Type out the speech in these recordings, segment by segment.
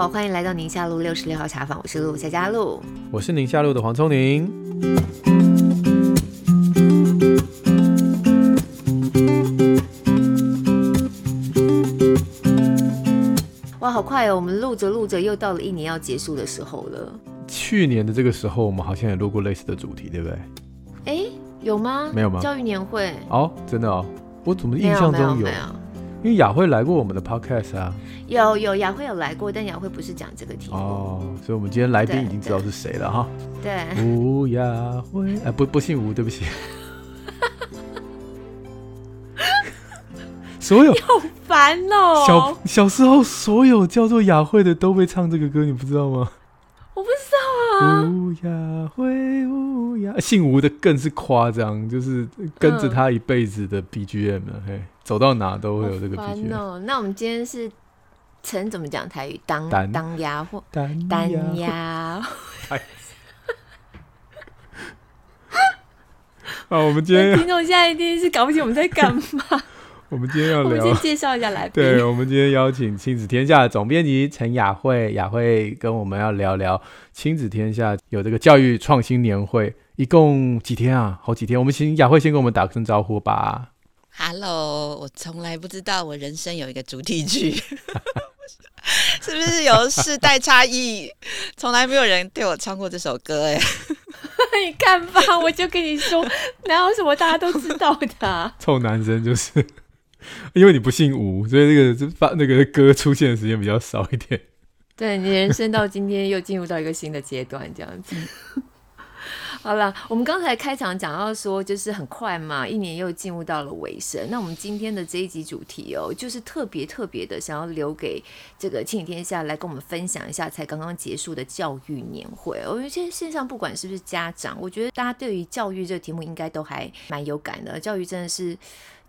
好，歡迎來到寧夏璐六十六號茶坊，我是陸夏嘉璐，我是寧夏璐的黃瑽寧。哇，好快哦！我們錄着錄着，又到了一年要結束的時候了。去年的這個時候，我們好像也錄過類似的主題，對不對？哎、欸，有嗎？沒有嗎？教育年會？哦，真的哦，我怎麼印象中有，有？因為雅慧來過我們的 podcast 啊，有有雅慧有來過，但雅慧不是講這個題哦，所以我們今天來賓已經知道是誰了哈。對，吳雅慧，哎、欸、不不姓吳，對不起。 所有你好煩哦、喔！小小時候，所有叫做雅慧的都被唱這個歌，你不知道嗎？我不是。烏鴉會烏鴉、啊，姓吳的更是誇張，就是跟着他一輩子的 BGM 了、嗯，嘿，走到哪都會有這個 BGM。bgm、嗯、那我們今天是陳，怎麼講台語？當當鴨或單鴨？當呵呵 啊，我們今天聽眾現在一定是搞不清我們在幹嘛。 我們今天要聊， 我們先介紹一下來賓。對，我們今天邀請《親子天下》的總編輯陳雅慧，雅慧跟我們要聊聊《親子天下》有這個教育創新年會，一共幾天啊？好幾天。我們請雅慧先跟我們打個聲招呼吧。Hello，我從來不知道我人生有一個主題曲， 是不是有世代差異？ 從來沒有人對我唱過這首歌哎。 你看吧，我就跟你說， 哪有什麼大家都知道的啊？臭男生就是。因為你不姓吳，所以那個發那個歌出現的時間比較少一點，對，你人生到今天又進入到一個新的階段，這樣子。 好了，我們剛才開場講到說，就是很快嘛，一年又進入到了尾聲。那我們今天的這一集主題哦、喔，就是特別特別的想要留給這個《親子天下》來跟我們分享一下，才剛剛結束的教育年會、喔。我覺得現在線上不管是不是家長，我覺得大家對於教育這個題目應該都還蠻有感的。教育真的是。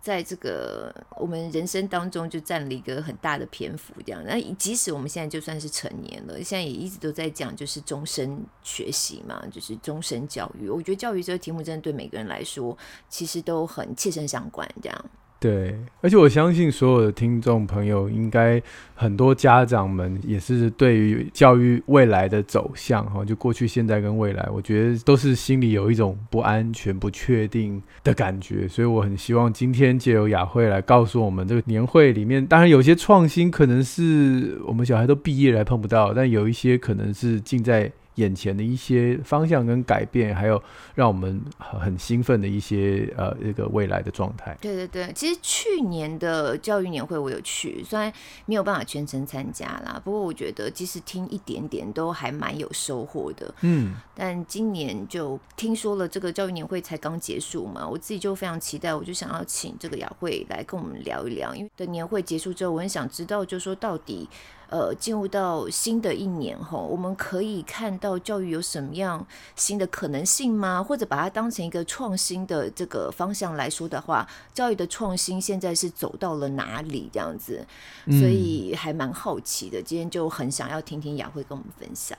在這個我們人生當中，就占了一個很大的篇幅，這樣。那即使我們現在就算是成年了，現在也一直都在講，就是終身學習嘛，就是終身教育。我覺得教育這個題目，真的對每個人來說，其實都很切身相關，這樣。對，而且我相信所有的聽眾朋友，應該很多家長們也是對於教育未來的走向，哈，就過去、現在跟未來，我覺得都是心裡有一種不安全、不確定的感覺。所以我很希望今天借由雅慧來告訴我們，這個年會裡面，當然有些創新可能是我們小孩都畢業了還碰不到，但有一些可能是近在眼前的一些方向跟改變，還有讓我們很興奮的一些呃這個未來的狀態。對對對，其實去年的教育年會我有去，雖然沒有辦法全程參加啦，不過我覺得即使聽一點點都還蠻有收穫的。嗯，但今年就聽說了這個教育年會才剛結束嘛，我自己就非常期待，我就想要請這個雅慧來跟我們聊一聊，因為等年會結束之後，我很想知道，就是說到底。呃，進入到新的一年後，我們可以看到教育有什麼樣新的可能性嗎？或者把它當成一個創新的這個方向來說的話，教育的創新現在是走到了哪裡這樣子？所以還蠻好奇的，嗯，今天就很想要聽聽雅慧跟我們分享。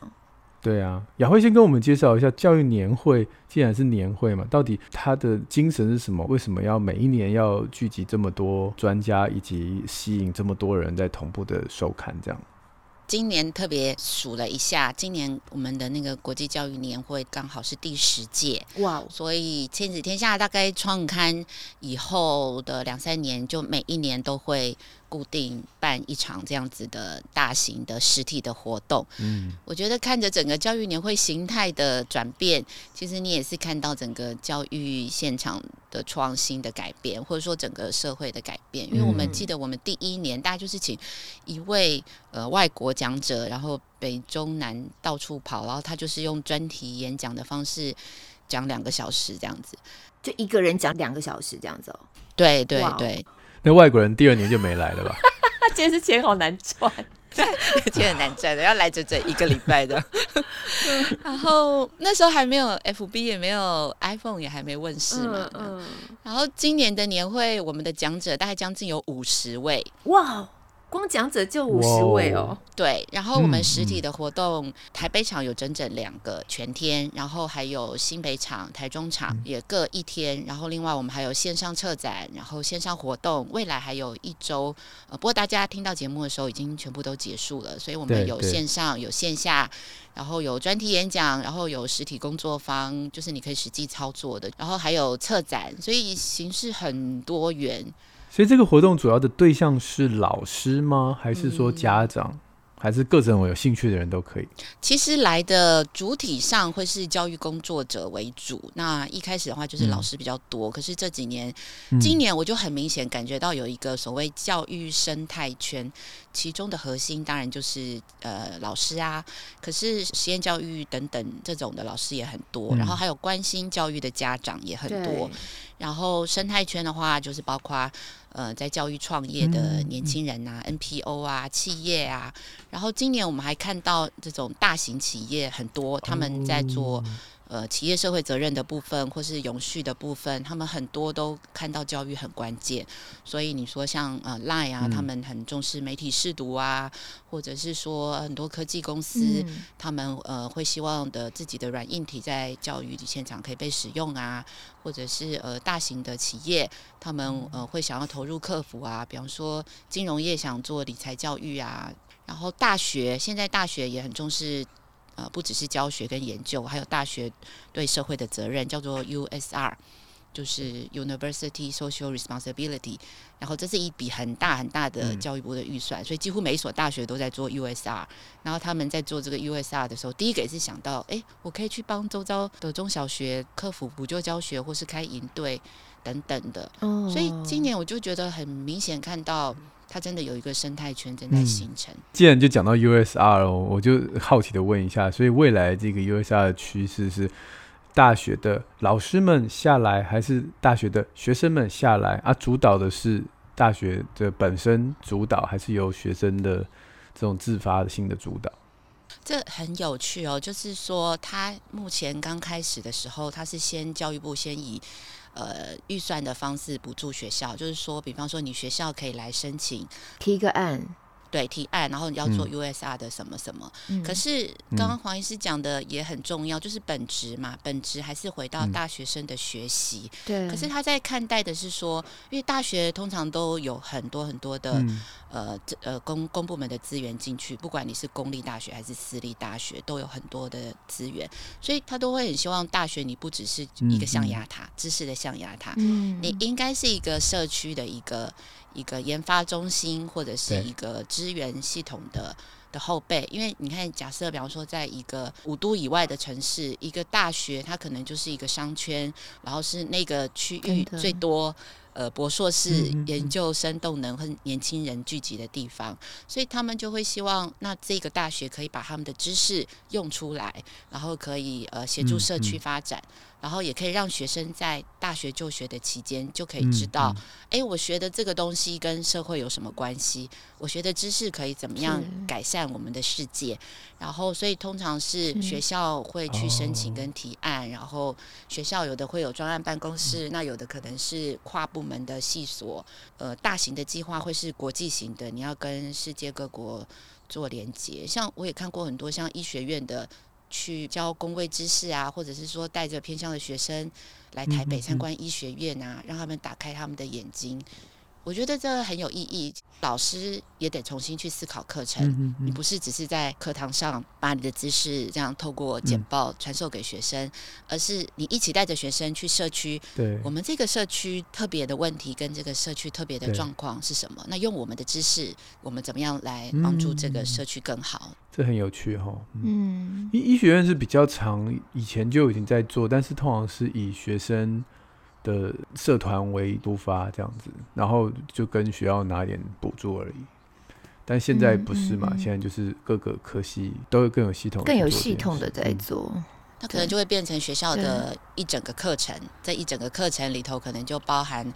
對啊，雅慧先跟我們介紹一下教育年會。既然是年會嘛，到底它的精神是什麼？為什麼要每一年要聚集這麼多專家，以及吸引這麼多人在同步的收看？這樣，今年特別數了一下，今年我們的那個國際教育年會剛好是第十屆。哇、wow.，所以《親子天下》大概創刊以後的兩三年，就每一年都會。固定辦一場這樣子的大型的實體的活動，嗯，我覺得看着整個教育年會形態的轉變，其實你也是看到整個教育現場的創新的改變，或者說整個社會的改變。因為我們記得我們第一年，大家就是請一位呃外國講者，然後北中南到處跑，然後他就是用專題演講的方式講兩個小時這樣子，就一個人講兩個小時這樣子哦。對對對對。那外國人第二年就沒來了吧？哈哈，是錢好難賺，有錢很難賺的，要來整整一個禮拜的。 然後那時候還沒有 FB，也沒有 iPhone，也還沒問世嘛、嗯嗯。然後今年的年會，我們的講者大概將近有五十位。哇、wow.！光講者就五十位哦，Whoa. 對，然後我們實體的活動，嗯、台北場有整整兩個全天，然後還有新北場、台中場、嗯、也各一天，然後另外我們還有線上策展，然後線上活動，未來還有一周，呃，不過大家聽到節目的時候已經全部都結束了，所以我們有線上、有線下，然後有專題演講，然後有實體工作坊，就是你可以實際操作的，然後還有策展，所以形式很多元。所以這個活動主要的對象是老師嗎？還是說家長？嗯、還是各種我有興趣的人都可以？其實來的主體上會是教育工作者為主。那一開始的話就是老師比較多，嗯、可是這幾年、嗯，今年我就很明顯感覺到有一個所謂教育生態圈，其中的核心當然就是呃老師啊。可是實驗教育等等這種的老師也很多，嗯、然後還有關心教育的家長也很多。然後生態圈的話，就是包括。呃，在教育創業的年輕人吶、啊、NPO 啊、嗯，企業啊，然後今年我們還看到這種大型企業很多，他們在做。呃，企業社會責任的部分，或是永續的部分，他們很多都看到教育很關鍵。所以你說像呃，LINE 啊、嗯，他們很重視媒體識讀啊，或者是說很多科技公司，嗯、他們呃會希望的自己的軟硬體在教育現場可以被使用啊，或者是呃大型的企業，他們呃會想要投入客服啊，比方說金融業想做理財教育啊，然後大學現在大學也很重視。呃，不只是教學跟研究，還有大學對社會的責任，叫做 USR，就是 University Social Responsibility。然後這是一筆很大很大的教育部的預算，嗯、所以幾乎每一所大學都在做 USR。然後他們在做這個 USR 的時候，第一個也是想到，哎，我可以去幫周遭的中小學克服補救教學，或是開營隊等等的哦。所以今年我就覺得很明顯看到。它真的有一個生態圈正在形成，嗯。既然，就講到 USR 哦，我就好奇的問一下，所以未來這個 USR 的趨勢是大學的老師們下來，還是大學的學生們下來啊？主導的是大學的本身主導，還是由學生的這種自發性的主導？這很有趣哦，就是說，他目前剛開始的時候，他是先教育部先以。呃，預算的方式補助學校，就是說，比方說，你學校可以來申請，提個案。對提案，然後你要做 USR 的什麼什麼。嗯、可是剛剛黃醫師講的也很重要，嗯、就是本職嘛，本職還是回到大學生的學習。對、嗯。可是他在看待的是說，因為大學通常都有很多很多的、嗯、呃呃公公部門的資源進去，不管你是公立大學還是私立大學，都有很多的資源，所以他都會很希望大學你不只是一個象牙塔，嗯、知識的象牙塔，嗯、你應該是一個社區的一個。一個研發中心或者是一個資源系統的的後背，因為你看，假設比方說，在一個五都以外的城市，一個大學，它可能就是一個商圈，然後是那個區域最多呃，博碩士研究生動能和年輕人聚集的地方、嗯嗯嗯，所以他們就會希望那這個大學可以把他們的知識用出來，然後可以呃協助社區發展。嗯嗯然後也可以讓學生在大學就學的期間就可以知道，誒、嗯嗯，我學的這個東西跟社會有什麼關係？我學的知識可以怎麼樣改善我們的世界？然後，所以通常是學校會去申請跟提案，嗯、然後學校有的會有專案辦公室，嗯、那有的可能是跨部門的系所。呃，大型的計劃會是國際型的，你要跟世界各國做連接。像我也看過很多像醫學院的。去教工位知識啊，或者是說，帶着偏鄉的學生來台北參觀醫學院啊，嗯嗯嗯，讓他們打開他們的眼睛。我覺得這很有意義。老師也得重新去思考課程嗯嗯。你不是只是在課堂上把你的知識這樣透過簡報傳授給學生、嗯，而是你一起帶着學生去社區。對，我們這個社區特別的問題跟這個社區特別的狀況是什麼？那用我們的知識，我們怎麼樣來幫助這個社區更好、嗯嗯？這很有趣哈、哦。嗯，醫、嗯、醫學院是比較長，以前就已經在做，但是通常是以學生。的社團為多發這樣子，然後就跟學校拿點補助而已。但現在不是嘛？嗯嗯、現在就是各個科系都有更有系統，更有系統的在做，那、嗯、可能就會變成學校的一整個課程，在一整個課程裡頭，可能就包含。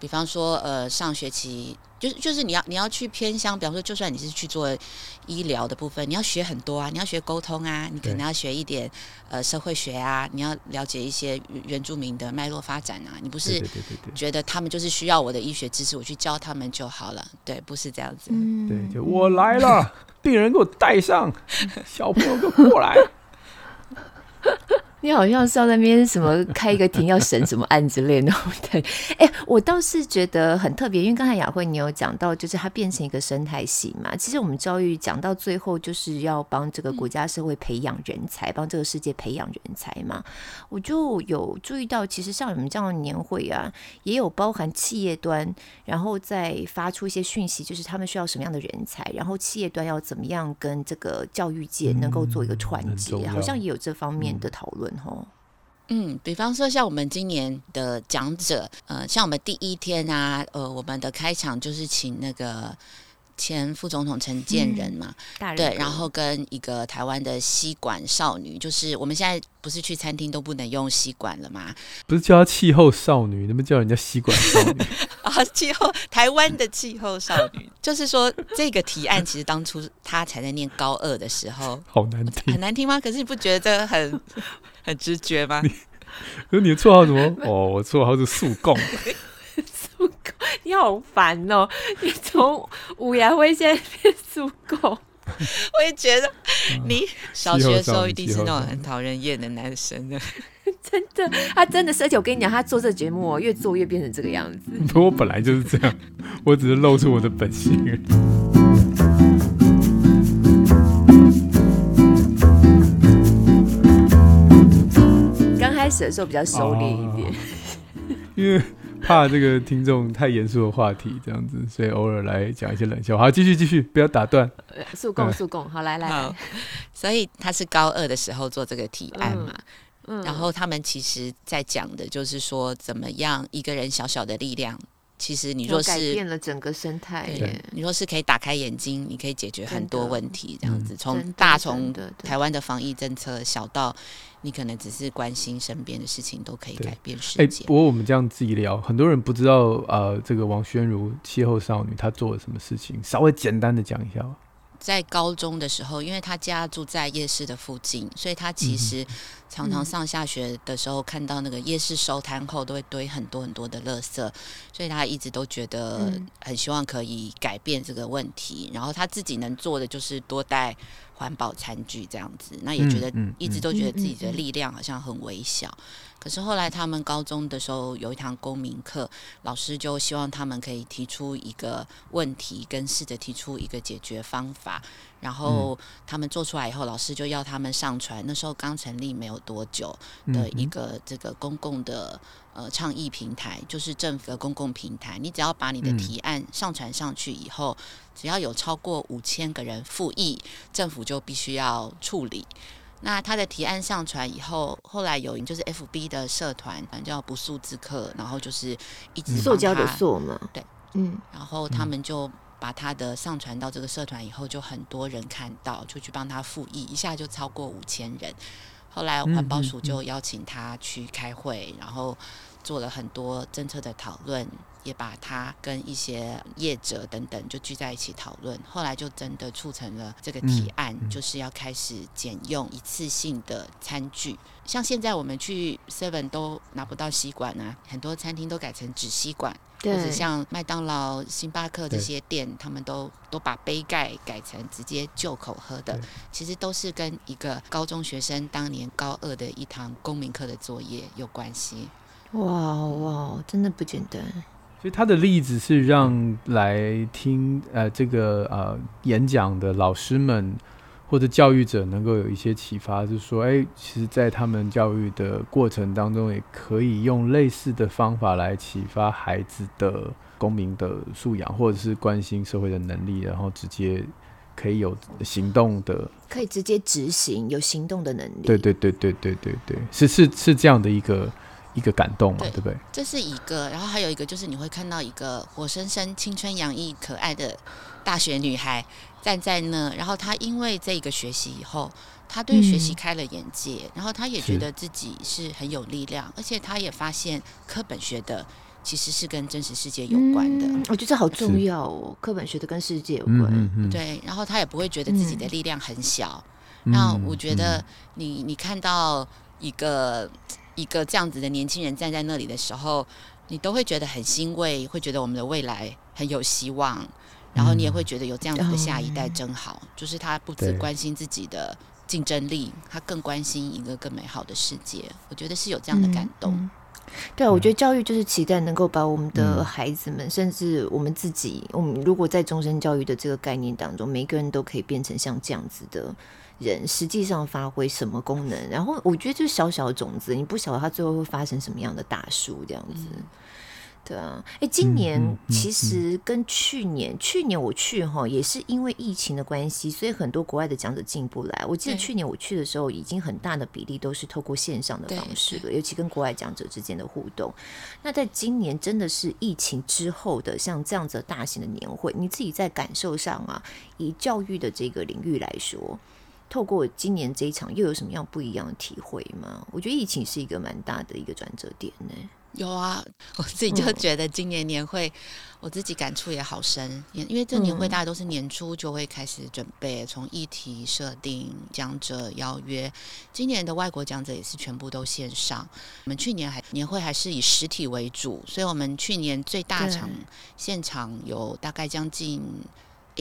比方說，呃，上學期就是就是你要你要去偏鄉，比方說，就算你是去做醫療的部分，你要學很多啊，你要學溝通啊，你可能要學一點呃社會學啊，你要了解一些原住民的脈絡發展啊，你不是覺得他們就是需要我的醫學知識，我去教他們就好了？對，不是這樣子。嗯、對，就我來了， 病人給我帶上，小朋友給我過來。 你好像是要那邊什麼開一個庭，要審什麼案子類的。對， 哎、欸，我倒是覺得很特別，因為剛才雅慧你有講到，就是它變成一個生態系嘛、嗯。其實我們教育講到最後，就是要幫這個國家社會培養人才，幫、嗯、這個世界培養人才嘛。我就有注意到，其實像你們這樣的年會啊，也有包含企業端，然後再發出一些訊息，就是他們需要什麼樣的人才，然後企業端要怎麼樣跟這個教育界能夠做一個團結、嗯，好像也有這方面的討論。嗯然後，嗯，比方說像我們今年的講者，呃，像我們第一天啊，呃，我們的開場就是請那個前副總統陳建仁嘛、嗯大，對，然後跟一個台灣的吸管少女，就是我們現在不是去餐廳都不能用吸管了嗎？不是叫她氣候少女，你們叫人家吸管少女 啊？氣候台灣的氣候少女， 就是說這個提案其實當初她才在念高二的時候，好難聽，很難聽嗎？可是你不覺得很？很直覺嗎？那你，你的綽號怎麼？哦，我綽號是速貢， 速貢，你好煩哦！你從五顏六色變速貢， 我也覺得你小學的時候一定是那種很討人厭的男生的、啊，真的，他、啊、真的是。而且我跟你講，他做這節目越做越變成這個樣子。我本來就是這樣，我只是露出我的本性。嗯開始的時候比較熟練一點、哦， 因為怕這個聽眾太嚴肅的話題這樣子，所以偶爾來講一些冷笑話。好，繼續繼續，不要打斷。速攻速攻、嗯，好來來好。所以他是高二的時候做這個提案嘛，嗯嗯、然後他們其實，在講的就是說，怎麼樣一個人小小的力量。其實你若是改變了整個生態，你若是可以打開眼睛，你可以解決很多問題。這樣子從大從台灣的防疫政策，小到你可能只是關心身邊的事情，都可以改變世界、欸。不過我們這樣自己聊，很多人不知道啊、呃，這個王宣茹氣候少女她做了什麼事情，稍微簡單的講一下吧在高中的時候，因為他家住在夜市的附近，所以他其實常常上下學的時候看到那個夜市收攤後都會堆很多很多的垃圾，所以他一直都覺得很希望可以改變這個問題，然後他自己能做的就是多帶環保餐具這樣子，那也覺得一直都覺得自己的力量好像很微小。可是後來，他們高中的時候有一堂公民課，老師就希望他們可以提出一個問題，跟試着提出一個解決方法。然後他們做出來以後，老師就要他們上傳。那時候剛成立沒有多久的一個這個公共的呃倡議平台，就是政府的公共平台。你只要把你的提案上傳上去以後，只要有超過五千個人附議，政府就必須要處理。那他的提案上傳以後，後來有就是 FB 的社團，反正叫不速之客，然後就是一直、嗯、塑膠的塑嘛，對，嗯，然後他們就把他的上傳到這個社團以後，就很多人看到，就去幫他附議，一下就超過五千人。後來環保署就邀請他去開會，嗯嗯嗯、然後。做了很多政策的討論，也把他跟一些業者等等就聚在一起討論。後來就真的促成了這個提案，嗯，就是要開始減用一次性的餐具。像現在我們去 Seven 都拿不到吸管啊，很多餐廳都改成紙吸管，或者像麥當勞、星巴克這些店，他們都都把杯蓋改成直接就口喝的。其實都是跟一個高中學生當年高二的一堂公民課的作業有關係。哇哇，真的不簡單。所以他的例子是讓來聽呃這個呃演講的老師們或者教育者能夠有一些啟發，就是說，哎、欸，其實，在他們教育的過程當中，也可以用類似的方法來啟發孩子的公民的素養，或者是關心社會的能力，然後直接可以有行動的，可以直接執行有行動的能力。對對對對對對對，對，對，是是是這樣的一個。一個感動嘛、啊，對不對？這是一個，然後還有一個就是，你會看到一個活生生、青春洋溢、可愛的大學女孩站在那，然後她因為這一個學習以後，她對學習開了眼界，嗯、然後她也覺得自己是很有力量，而且她也發現課本學的其實是跟真實世界有關的。嗯、我覺得這好重要哦，課本學的跟世界有關、嗯嗯嗯。對，然後她也不會覺得自己的力量很小。那、嗯、我覺得你，你你看到一個。一個這樣子的年輕人站在那裡的時候，你都會覺得很欣慰，會覺得我們的未來很有希望，然後你也會覺得有這樣子的下一代真好，嗯，就是他不只關心自己的競爭力，他更關心一個更美好的世界。我覺得是有這樣的感動。對，我覺得教育就是期待能夠把我們的孩子們，嗯，甚至我們自己，我們如果在終身教育的這個概念當中，每一個人都可以變成像這樣子的。人實際上發揮什麼功能？然後我覺得，就是小小的種子，你不曉得它最後會發生什麼樣的大樹這樣子。對、嗯、啊，哎、欸，今年其實跟去年，嗯嗯、去年我去哈也是因為疫情的關係，所以很多國外的講者進不來。我記得去年我去的時候，已經很大的比例都是透過線上的方式的，尤其跟國外講者之間的互動。那在今年，真的是疫情之後的像這樣子大型的年會，你自己在感受上啊，以教育的這個領域來說。透過今年這一場，又有什麼樣不一樣的體會嗎？我覺得疫情是一個蠻大的一個轉折點呢、欸。有啊，我自己就覺得今年年會，嗯、我自己感觸也好深，因為這年會大家都是年初就會開始準備，從、嗯、議題設定、講者邀約，今年的外國講者也是全部都線上。我們去年還年會還是以實體為主，所以我們去年最大場現場有大概將近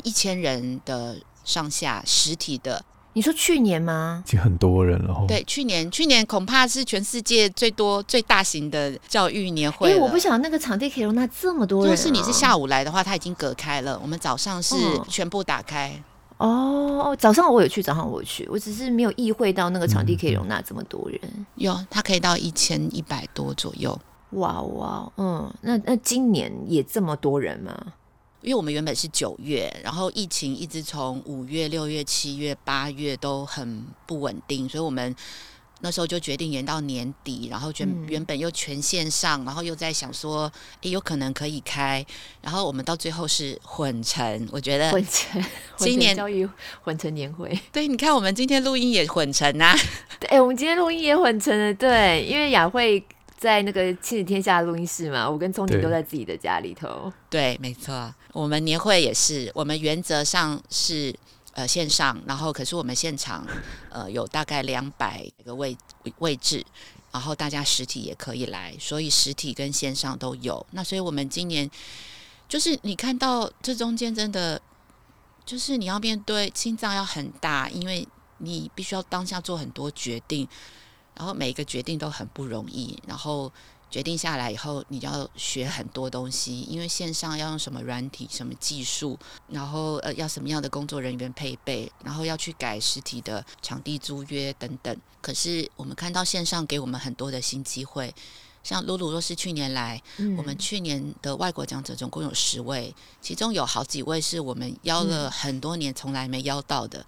一千人的上下實體的。你說去年嗎？已經很多人了、哦、對，去年去年恐怕是全世界最多、最大型的教育年會。為、欸、我不想那個場地可以容納這麼多人、啊。如果是你是下午來的話，他已經隔開了。我們早上是全部打開。嗯、哦，早上我有去，早上我有去，我只是沒有意會到那個場地可以容納這麼多人。喲、嗯，它可以到一千一百多左右。哇哇，嗯，那那今年也這麼多人嗎？因為我們原本是九月，然後疫情一直從五月、六月、七月、八月都很不穩定，所以我們那時候就決定延到年底。然後原、嗯、原本又全線上，然後又在想說，哎、欸，有可能可以開。然後我們到最後是混成，我覺得混成今年終於混成年會。對，你看我們今天錄音也混成啊。對，我們今天錄音也混成了。對，因為雅慧在那個親子天下錄音室嘛，我跟聰姐都在自己的家裡頭。對，對沒錯。我們年會也是，我們原則上是呃線上，然後可是我們現場呃有大概兩百個位位置，然後大家實體也可以來，所以實體跟線上都有。那所以我們今年就是你看到這中間真的就是你要面對心臟要很大，因為你必須要當下做很多決定，然後每一個決定都很不容易，然後。決定下來以後，你就要學很多東西，因為線上要用什麼軟體、什麼技術，然後呃要什麼樣的工作人員配備，然後要去改實體的場地租約等等。可是我們看到線上給我們很多的新機會，像露露若是去年來，嗯，我們去年的外國講者總共有十位，其中有好幾位是我們邀了很多年從來沒邀到的，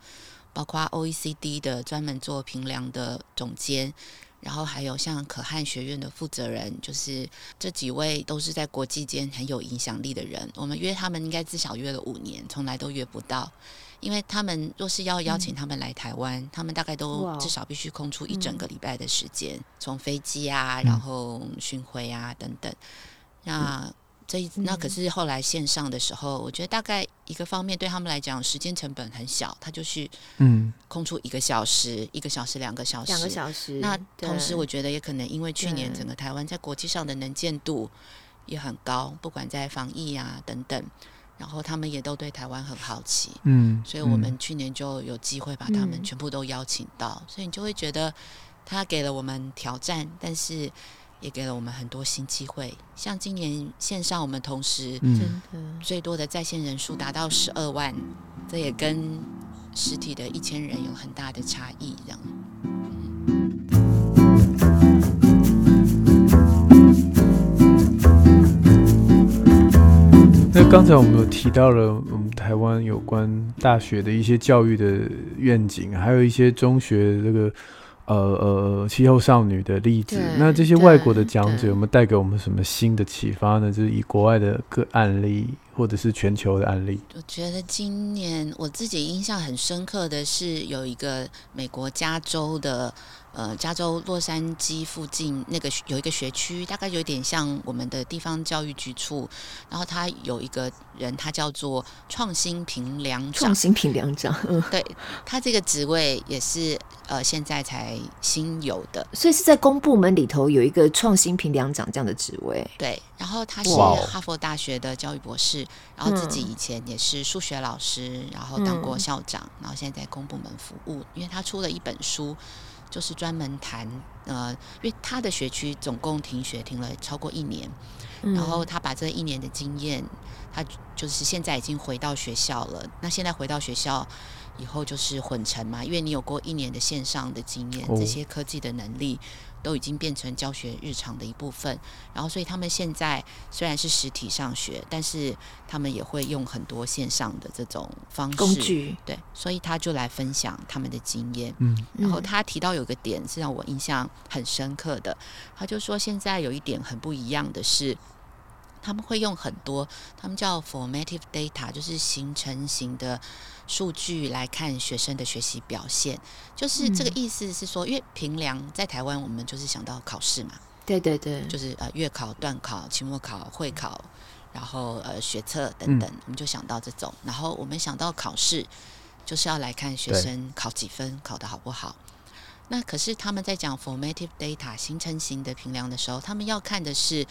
包括 OECD 的專門做評量的總監。然後還有像可汗學院的負責人，就是這幾位都是在國際間很有影響力的人。我們約他們，應該至少約了五年，從來都約不到，因為他們若是要邀請他們來台灣，嗯、他們大概都至少必須空出一整個禮拜的時間，從飛機啊，然後巡迴啊等等。那、嗯這那可是後來線上的時候，嗯、我覺得大概一個方面對他們來講，時間成本很小，他就是嗯空出一個小時、嗯、一個小時、兩個小時、兩個小時。那同時，我覺得也可能因為去年整個台灣在國際上的能見度也很高，不管在防疫啊等等，然後他們也都對台灣很好奇，嗯，所以我們去年就有機會把他們全部都邀請到，嗯、所以你就會覺得他給了我們挑戰，但是。也給了我們很多新機會，像今年線上我們同時最多的在線人數達到十二萬，這也跟實體的一千人有很大的差異，這樣。那剛才我們有提到了，我們台灣有關大學的一些教育的願景，還有一些中學這個。呃呃，氣候少女的例子，那這些外國的講者有沒有帶給我們什麼新的啟發呢？就是以國外的個案例，或者是全球的案例。我覺得今年我自己印象很深刻的是，有一個美國加州的。呃，加州洛杉磯附近那個有一個學區，大概有點像我們的地方教育局處。然後他有一個人，他叫做創新平良長。創新平良長，嗯、對，他這個職位也是呃，現在才新有的。所以是在公部門裡頭有一個創新平良長這樣的職位。對，然後他是哈佛大學的教育博士，然後自己以前也是數學老師，然後當過校長，嗯、然後現在在公部門服務。因為他出了一本書。就是專門談呃，因為他的學區總共停學停了超過一年，嗯，然後他把這一年的經驗，他就是現在已經回到學校了。那現在回到學校以後就是混成嘛，因為你有過一年的線上的經驗，哦，這些科技的能力。都已經變成教學日常的一部分，然後所以他們現在雖然是實體上學，但是他們也會用很多線上的這種方式工具。對，所以他就來分享他們的經驗。嗯，然後他提到有一個點是讓我印象很深刻的，他就說現在有一點很不一樣的是，他們會用很多，他們叫 formative data，就是形成型的。數據來看學生的學習表現，就是這個意思是說，嗯、因為評量在台灣，我們就是想到考試嘛。對對對，就是呃月考、段考、期末考、會考，然後呃學測等等，我們就想到這種。嗯、然後我們想到考試，就是要來看學生考幾分，考得好不好。那可是他們在講 formative data 形成性的評量的時候，他們要看的是。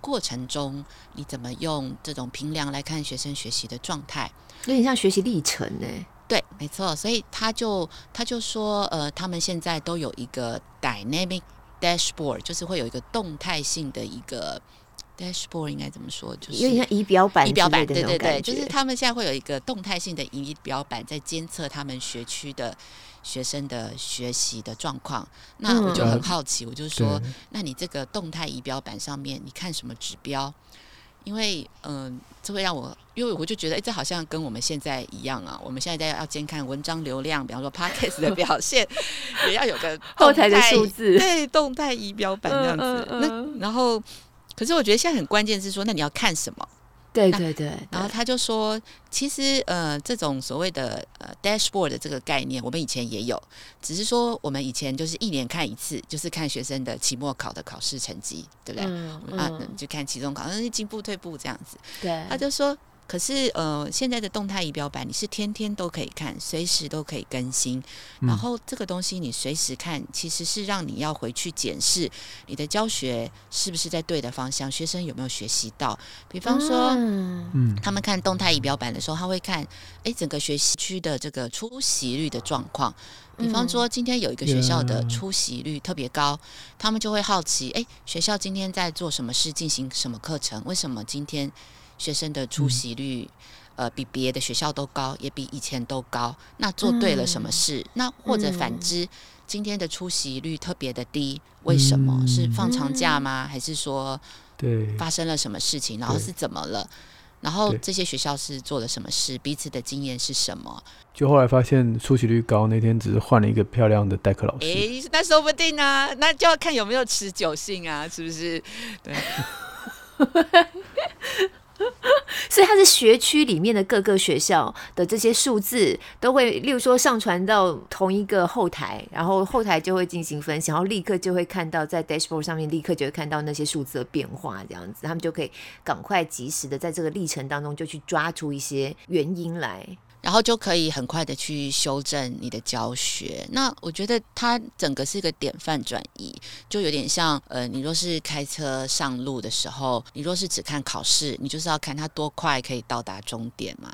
過程中，你怎麼用這種評量，來看學生學習的狀態？有點像學習歷程呢、欸。對，沒錯。所以他就他就說，呃，他們現在都有一個 dynamic dashboard，就是會有一個動態性的一個 dashboard，應該怎麼說？就是有點像儀表板、儀表板對，對，對，就是他們現在會有一個動態性的儀表板，在監測他們學區的。學生的學習的狀況，那我就很好奇，嗯、我就說，那你這個動態儀表板上面你看什麼指標？因為，嗯、呃，這會讓我，因為我就覺得，哎、欸，這好像跟我們現在一樣啊。我們現在要要監看文章流量，比方說 Podcast 的表現， 也要有個後台的數字，對，動態儀表板這樣子。嗯、那然後，可是我覺得現在很關鍵是說，那你要看什麼？對對對，對，然後他就說，其實呃，這種所謂的呃 dashboard 的這個概念，我們以前也有，只是說我們以前就是一年看一次，就是看學生的期末考的考試成績，對不對、嗯嗯？啊，就看期中考，那、嗯、是進步退步這樣子。對，他就說。可是，呃，現在的動態儀表板你是天天都可以看，隨時都可以更新。然後這個東西你隨時看，其實是讓你要回去檢視你的教學是不是在對的方向，學生有沒有學習到。比方說，嗯，他們看動態儀表板的時候，他會看，哎，整個學習區的這個出席率的狀況。比方說，今天有一個學校的出席率特別高，他們就會好奇，哎，學校今天在做什麼事，進行什麼課程，為什麼今天，學生的出席率，嗯、呃，比別的學校都高，也比以前都高。那做對了什麼事？嗯、那或者反之，嗯，今天的出席率特別的低，為什麼？嗯，是放長假嗎？嗯，還是說，對，發生了什麼事情？然後是怎麼了？然後這些學校是做了什麼事？彼此的經驗是什麼？就後來發現出席率高那天只是換了一個漂亮的代課老師，哎，欸，那說不定呢、啊。那就要看有沒有持久性啊，是不是？對。 所以它是學區裡面的各個學校的這些數字都會，例如說上傳到同一個後台，然後後台就會進行分析，然後立刻就會看到在 dashboard 上面立刻就會看到那些數字的變化，這樣子他們就可以趕快及時的在這個歷程當中就去抓出一些原因來。然後就可以很快的去修正你的教學。那我覺得它整個是一個典範轉移，就有點像呃，你若是開車上路的時候，你若是只看考試，你就是要看他多快可以到達終點嘛。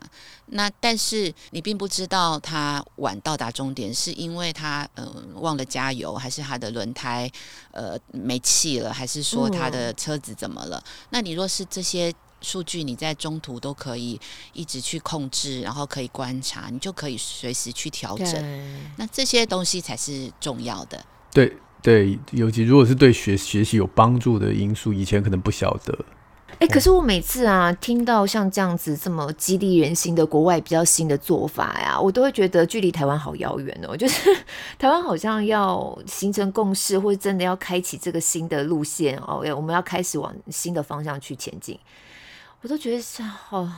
那但是你並不知道他晚到達終點是因為他嗯、呃、忘了加油，還是他的輪胎呃沒氣了，還是說他的車子怎麼了？嗯啊、那你若是這些。數據你在中途都可以一直去控制，然後可以觀察，你就可以隨時去調整。那這些東西才是重要的。對對，尤其如果是對學學習有幫助的因素，以前可能不曉得。哎、欸嗯，可是我每次啊，聽到像這樣子這麼激勵人心的國外比較新的做法呀、啊，我都會覺得距離台灣好遙遠哦。就是台灣好像要形成共識，或者真的要開啟這個新的路線哦、喔。我們要開始往新的方向去前進。我都覺得是好，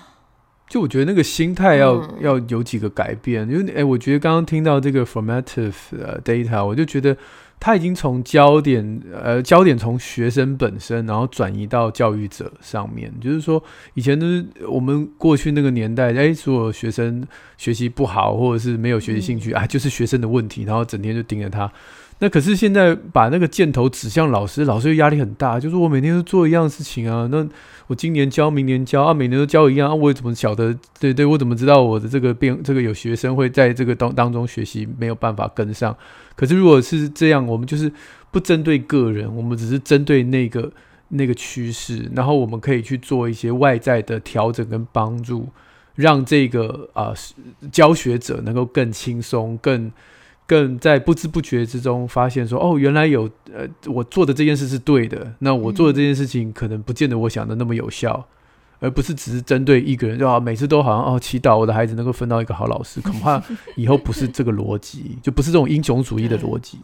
就我覺得那個心態要、嗯、要有幾個改變，因為誒、欸，我覺得剛剛聽到這個 formative data，我就覺得他已經從焦點呃焦點從學生本身，然後轉移到教育者上面，就是說以前都是我們過去那個年代，誒、欸，如果學生學習不好或者是沒有學習興趣、嗯、啊，就是學生的問題，然後整天就盯着他。那可是現在把那個箭頭指向老師，老師又壓力很大。就是我每天都做一樣的事情啊，那我今年教，明年教啊，每年都教一樣啊，我也怎麼曉得？對對，我怎麼知道我的這個變這個有學生會在這個當當中學習沒有辦法跟上？可是如果是這樣，我們就是不針對個人，我們只是針對那個那個趨勢，然後我們可以去做一些外在的調整跟幫助，讓這個啊、呃、教學者能夠更輕鬆、更。更在不知不覺之中發現說，哦，原來有呃，我做的這件事是對的。那我做的這件事情可能不見得我想的那麼有效，嗯，而不是只是針對一個人就好。每次都好像哦，祈禱我的孩子能夠分到一個好老師，恐怕以後不是這個邏輯， 就不是這種英雄主義的邏輯。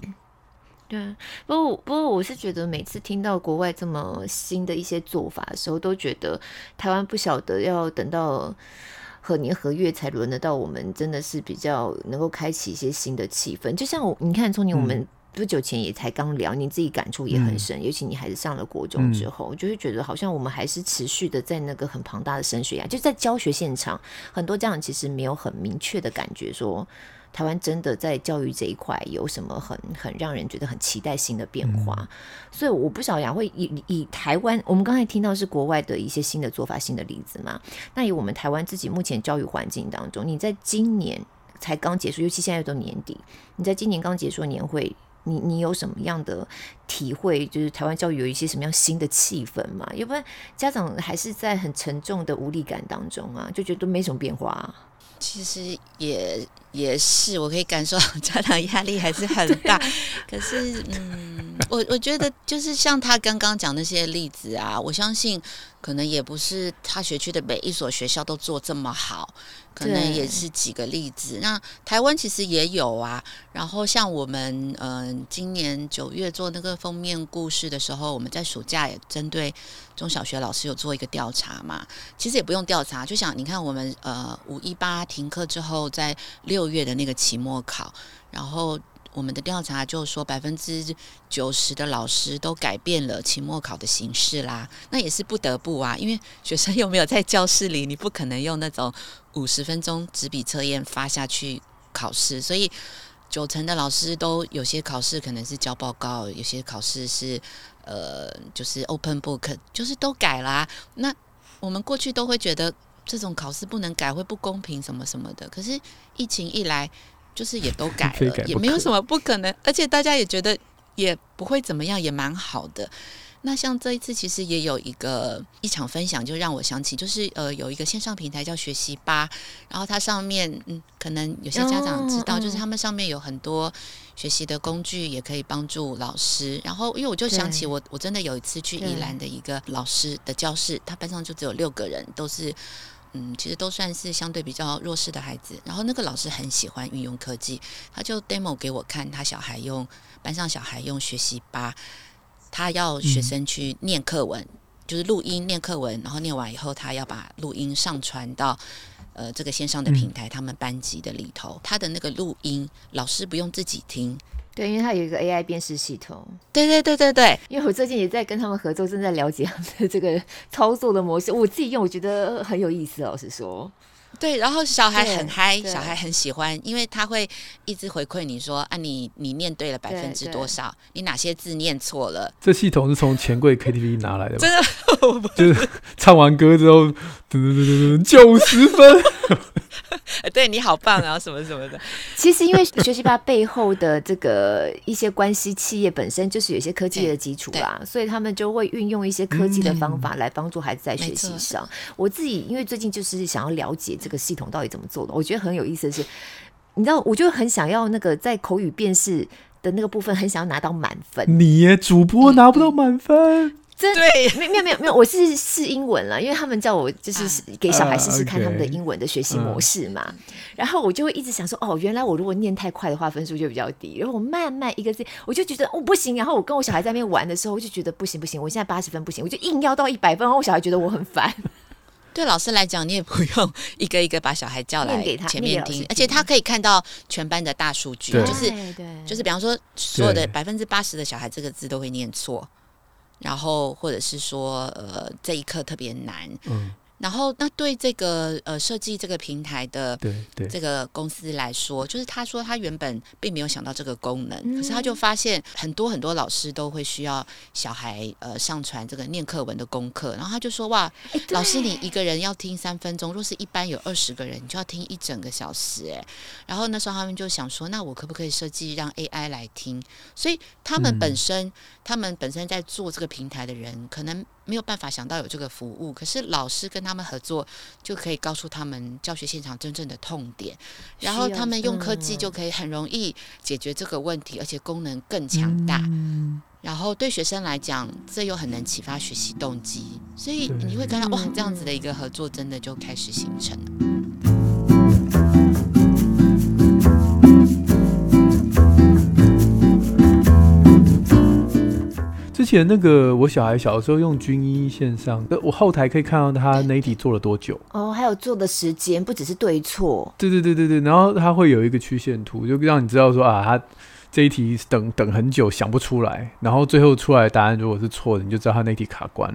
對啊，不過不過我是覺得每次聽到國外這麼新的一些做法的時候，都覺得台灣不曉得要等到。何年何月才輪得到我們？真的是比較能夠開啟一些新的氣氛。就像我，你看，從你我們不久前也才剛聊，嗯，你自己感觸也很深，嗯、尤其你孩子上了國中之後，嗯，就是覺得好像我們還是持續的在那個很龐大的升學呀。就在教學現場，很多家長其實沒有很明確的感覺說。台灣真的在教育這一塊有什麼很很讓人覺得很期待新的變化？嗯、所以我不曉得雅慧以以台灣，我們剛才聽到是國外的一些新的做法，新的例子嘛？那以我們台灣自己目前教育環境當中，你在今年才剛結束，尤其現在都年底，你在今年剛結束年會，你你有什麼樣的體會？就是台灣教育有一些什麼樣新的氣氛嗎？要不然家長還是在很沉重的無力感當中啊，就覺得都沒什麼變化啊。其實也。也是，我可以感受到家長壓力還是很大。啊、可是，嗯，我我覺得就是像他剛剛講那些例子啊，我相信可能也不是他學區的每一所學校都做這麼好，可能也是幾個例子。那台灣其實也有啊。然後像我們，嗯、呃，今年九月做那個封面故事的時候，我們在暑假也針對中小學老師有做一個調查嘛。其實也不用調查，就想你看，我們呃五一八停課之後，在六。六月的那個期末考，然後我們的調查就說百分之九十的老師都改變了期末考的形式啦。那也是不得不啊，因為學生又沒有在教室裡，你不可能用那種五十分鐘紙筆測驗發下去考試。所以九成的老師都有些考試可能是交報告，有些考試是呃就是 open book，就是都改啦、啊。那我們過去都會覺得。這種考試不能改，會不公平什麼什麼的，可是疫情一來，就是也都改了， 改也沒有什麼不可能， 而且大家也覺得也不會怎麼樣，也蠻好的。那像這一次，其實也有一個一場分享，就讓我想起，就是呃，有一個線上平台叫學習吧，然後它上面嗯，可能有些家長知道，哦、就是他們上面有很多學習的工具，也可以幫助老師。嗯、然後，因為我就想起我我真的有一次去宜蘭的一個老師的教室，他班上就只有六個人，都是嗯，其實都算是相對比較弱勢的孩子。然後那個老師很喜歡運用科技，他就 demo 給我看，他小孩用班上小孩用學習吧，他要學生去念課文，嗯、就是錄音念課文，然後念完以後，他要把錄音上傳到呃這個線上的平台，嗯，他們班級的裡頭，他的那個錄音，老師不用自己聽。對，因為它有一個 AI 辨識系統。對對對對對，因為我最近也在跟他們合作，正在了解這個操作的模式。我自己用，我覺得很有意思，老實說。對，然後小孩很嗨，小孩很喜歡，因為他會一直回饋你說啊你，你你念對了百分之多少？對對對，你哪些字念錯了？這系統是從錢櫃 KTV 拿來的嗎？真的， 就是唱完歌之後，得得得得九十分。 對你好棒啊，什麼什麼的。其實，因為學習吧背後的這個一些關係，企業本身就是有一些科技的基礎啦，所以他們就會運用一些科技的方法來幫助孩子在學習上、嗯。我自己因為最近就是想要了解這個系統到底怎麼做的，我覺得很有意思的是，你知道，我就很想要那個在口語辨識的那個部分，很想要拿到滿分。你也主播拿不到滿分。嗯嗯對真，沒有沒有沒有，我是試英文了，因為他們叫我就是給小孩試試看他們的英文的學習模式嘛。Uh, okay, uh, 然後我就會一直想說，哦，原來我如果念太快的話，分數就比較低。然後我慢慢一個字，我就覺得哦不行。然後我跟我小孩在那邊玩的時候，我就覺得不行不行，我現在八十分不行，我就硬要到一百分。然後我小孩覺得我很煩。對老師來講，你也不用一個一個把小孩叫來前面聽，而且他可以看到全班的大數據，對就是就是比方說，所有的百分之八十的小孩這個字都會念錯。然後，或者是說，呃，這一刻特別難。嗯。然後，那對這個呃設計這個平台的對、對、這個公司來說，就是他說他原本並沒有想到這個功能，嗯、可是他就發現很多很多老師都會需要小孩呃上傳這個念課文的功課，然後他就說哇，老師你一個人要聽三分鐘，若是一班有二十個人，你就要聽一整個小時哎。然後那時候他們就想說，那我可不可以設計讓 AI 來聽？所以他們本身，嗯、他們本身在做這個平台的人可能，沒有辦法想到有這個服務，可是老師跟他們合作就可以告訴他們教學現場真正的痛點，然後他們用科技就可以很容易解決這個問題，而且功能更強大。然後對學生來講，這又很能啟發學習動機，所以你會看到哇，這樣子的一個合作真的就開始形成了。之前那個我小孩小的時候用均一線上，我後臺可以看到他那一題做了多久哦，還有做的時間，不只是對錯。對對對對對，然後他會有一個曲線圖，就讓你知道說啊，他這一題等等很久想不出來，然後最後出來的答案如果是錯的，你就知道他那一題卡關了。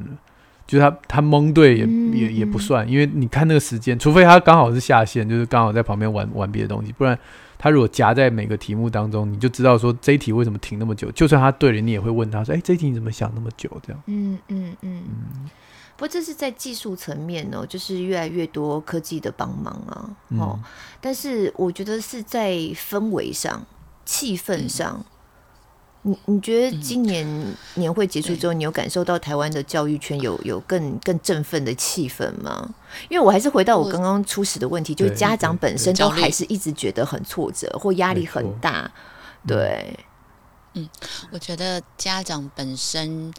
就是他他蒙對也、嗯、也也不算，因為你看那個時間，除非他剛好是下線，就是剛好在旁邊玩玩別的東西，不然。他如果夾在每個題目當中，你就知道說，這一題為什麼停那麼久。就算他對了，你也會問他說：“哎、欸，這一題你怎麼想那麼久？”這樣。嗯嗯嗯嗯。不過這是在技術層面哦，就是越來越多科技的幫忙啊、嗯。哦，但是我覺得是在氛圍上、氣氛上。嗯你你覺得今年年會結束之後，嗯，你有感受到台灣的教育圈有有，有更更振奮的氣氛嗎？因為我還是回到我剛剛初始的問題，就是家長本身都還是一直覺得很挫折或壓力很大，對對對對。對，嗯，我覺得家長本身，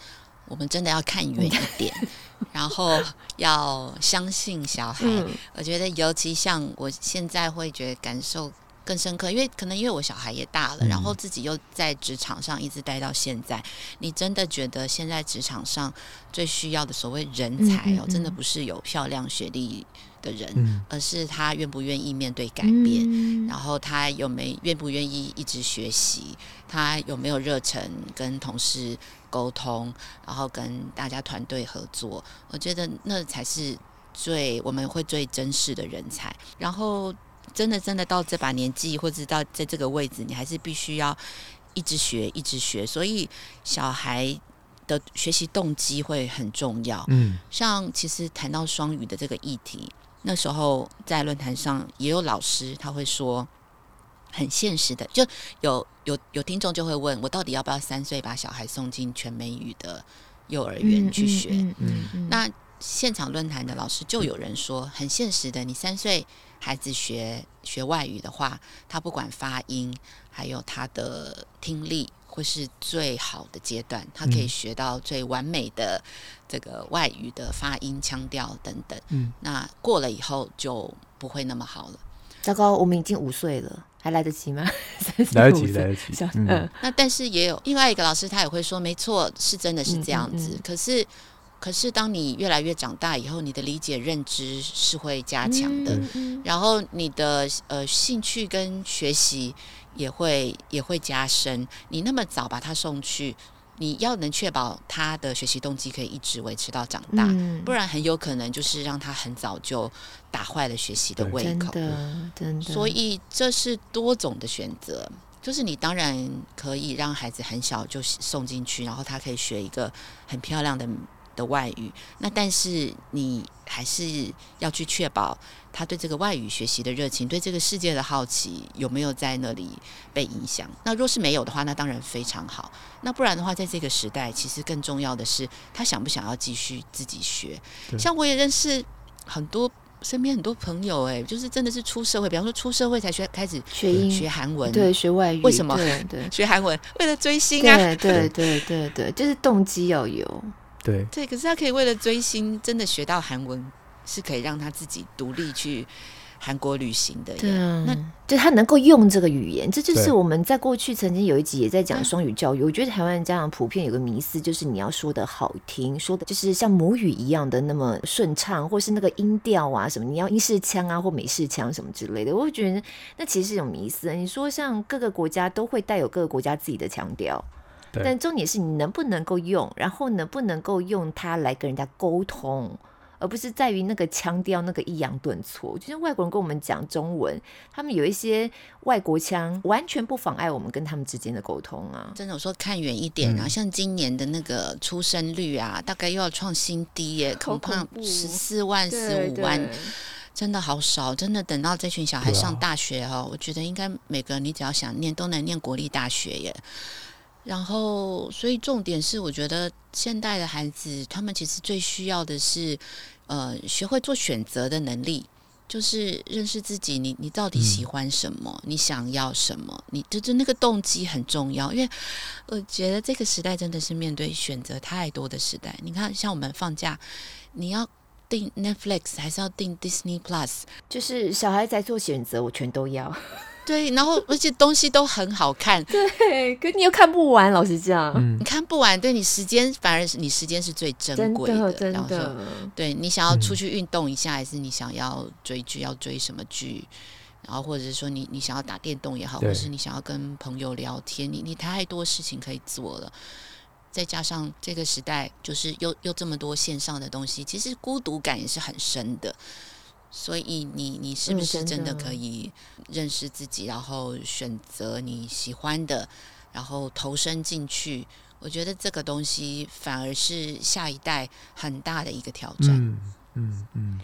我們真的要看遠一點， 然後要相信小孩，嗯。我覺得尤其像我現在會覺得感受。更深刻，因為可能因為我小孩也大了，然後自己又在職場上一直待到現在，你真的覺得現在職場上最需要的所謂人才哦、喔，真的不是有漂亮學歷的人，而是他願不願意面對改變，然後他有沒願不願意一直學習，他有沒有熱忱跟同事溝通，然後跟大家團隊合作，我覺得那才是最我們會最珍視的人才，然後。真的，真的到這把年紀，或者到在這個位置，你還是必須要一直學，一直學。所以，小孩的學習動機會很重要。嗯，像其實談到雙語的這個議題，那時候在論壇上也有老師他會說，很現實的，就有有有聽眾就會問我，到底要不要三歲把小孩送進全美語的幼兒園去學？嗯，嗯，嗯，嗯。那現場論壇的老師就有人說，很現實的，你三歲。孩子學學外語的話，他不管發音，還有他的聽力，會是最好的階段。他可以學到最完美的這個外語的發音、腔調等等。嗯，那過了以後就不會那麼好了。糟糕，我們已經五歲了，還來得及嗎？來得及， 來得及小、嗯。那但是也有另外一個老師，他也會說，沒錯，是真的是這樣子。嗯嗯嗯，可是。可是，當你越來越長大以後，你的理解認知是會加強的。嗯，然後你的呃興趣跟學習也會也會加深。你那麼早把他送去，你要能確保他的學習動機可以一直維持到長大，嗯，不然很有可能就是讓他很早就打壞了學習的胃口。對，真的，真的。所以這是多種的選擇，就是你當然可以讓孩子很小就送進去，然後他可以學一個很漂亮的。的外語，那但是你還是要去確保他對這個外語學習的熱情，對這個世界的好奇有沒有在那裡被影響？那若是沒有的話，那當然非常好。那不然的話，在這個時代，其實更重要的是他想不想要繼續自己學。像我也認識很多身邊很多朋友，欸，哎，就是真的是出社會，比方說出社會才學開始學英、學韓文，對，學外語，為什麼？對，對，學韓文為了追星啊！對對對對對，就是動機要有。對，可是他可以為了追星，真的學到韓文，是可以讓他自己獨立去韓國旅行的。對啊，那就他能夠用這個語言，這就是我們在過去曾經有一集也在講雙語教育，嗯。我覺得台灣家長普遍有個迷思，就是你要說的好聽，說的就是像母語一樣的那麼順暢，或是那個音調啊什麼，你要英式腔啊或美式腔什麼之類的。我覺得那其實是一種迷思，啊。你說像各個國家都會帶有各個國家自己的腔調。但重點是你能不能夠用，然後能不能夠用它來跟人家溝通，而不是在於那個腔調、那個抑揚頓挫。我覺得外國人跟我們講中文，他們有一些外國腔，完全不妨礙我們跟他們之間的溝通啊。真的，我說看遠一點啊，然後像今年的那個出生率啊，嗯、大概又要創新低耶、欸，恐怕十四萬、十五萬，真的好少。真的，等到這群小孩上大學哦、喔啊，我覺得應該每個人你只要想念都能念國立大學耶、欸。然後，所以重點是，我覺得現代的孩子他們其實最需要的是，呃，學會做選擇的能力，就是認識自己，你你到底喜歡什麼，嗯、你想要什麼，你就就是、那個動機很重要。因為我覺得這個時代真的是面對選擇太多的時代。你看，像我們放假，你要訂 Netflix 還是要訂 Disney Plus？就是小孩在做選擇，我全都要。對，然後而且東西都很好看， 對，可你又看不完，老實講，你看不完。對你時間反而是你時間是最珍貴的，真的，真的然後說，對你想要出去運動一下，還是你想要追劇，要追什麼劇？然後或者是說你你想要打電動也好，或是你想要跟朋友聊天，你你太多事情可以做了。再加上這個時代，就是又又這麼多線上的東西，其實孤獨感也是很深的。所以你，你你是不是真的可以認識自己，然後選擇你喜歡的，然後投身進去？我覺得這個東西反而是下一代很大的一個挑戰。嗯嗯嗯。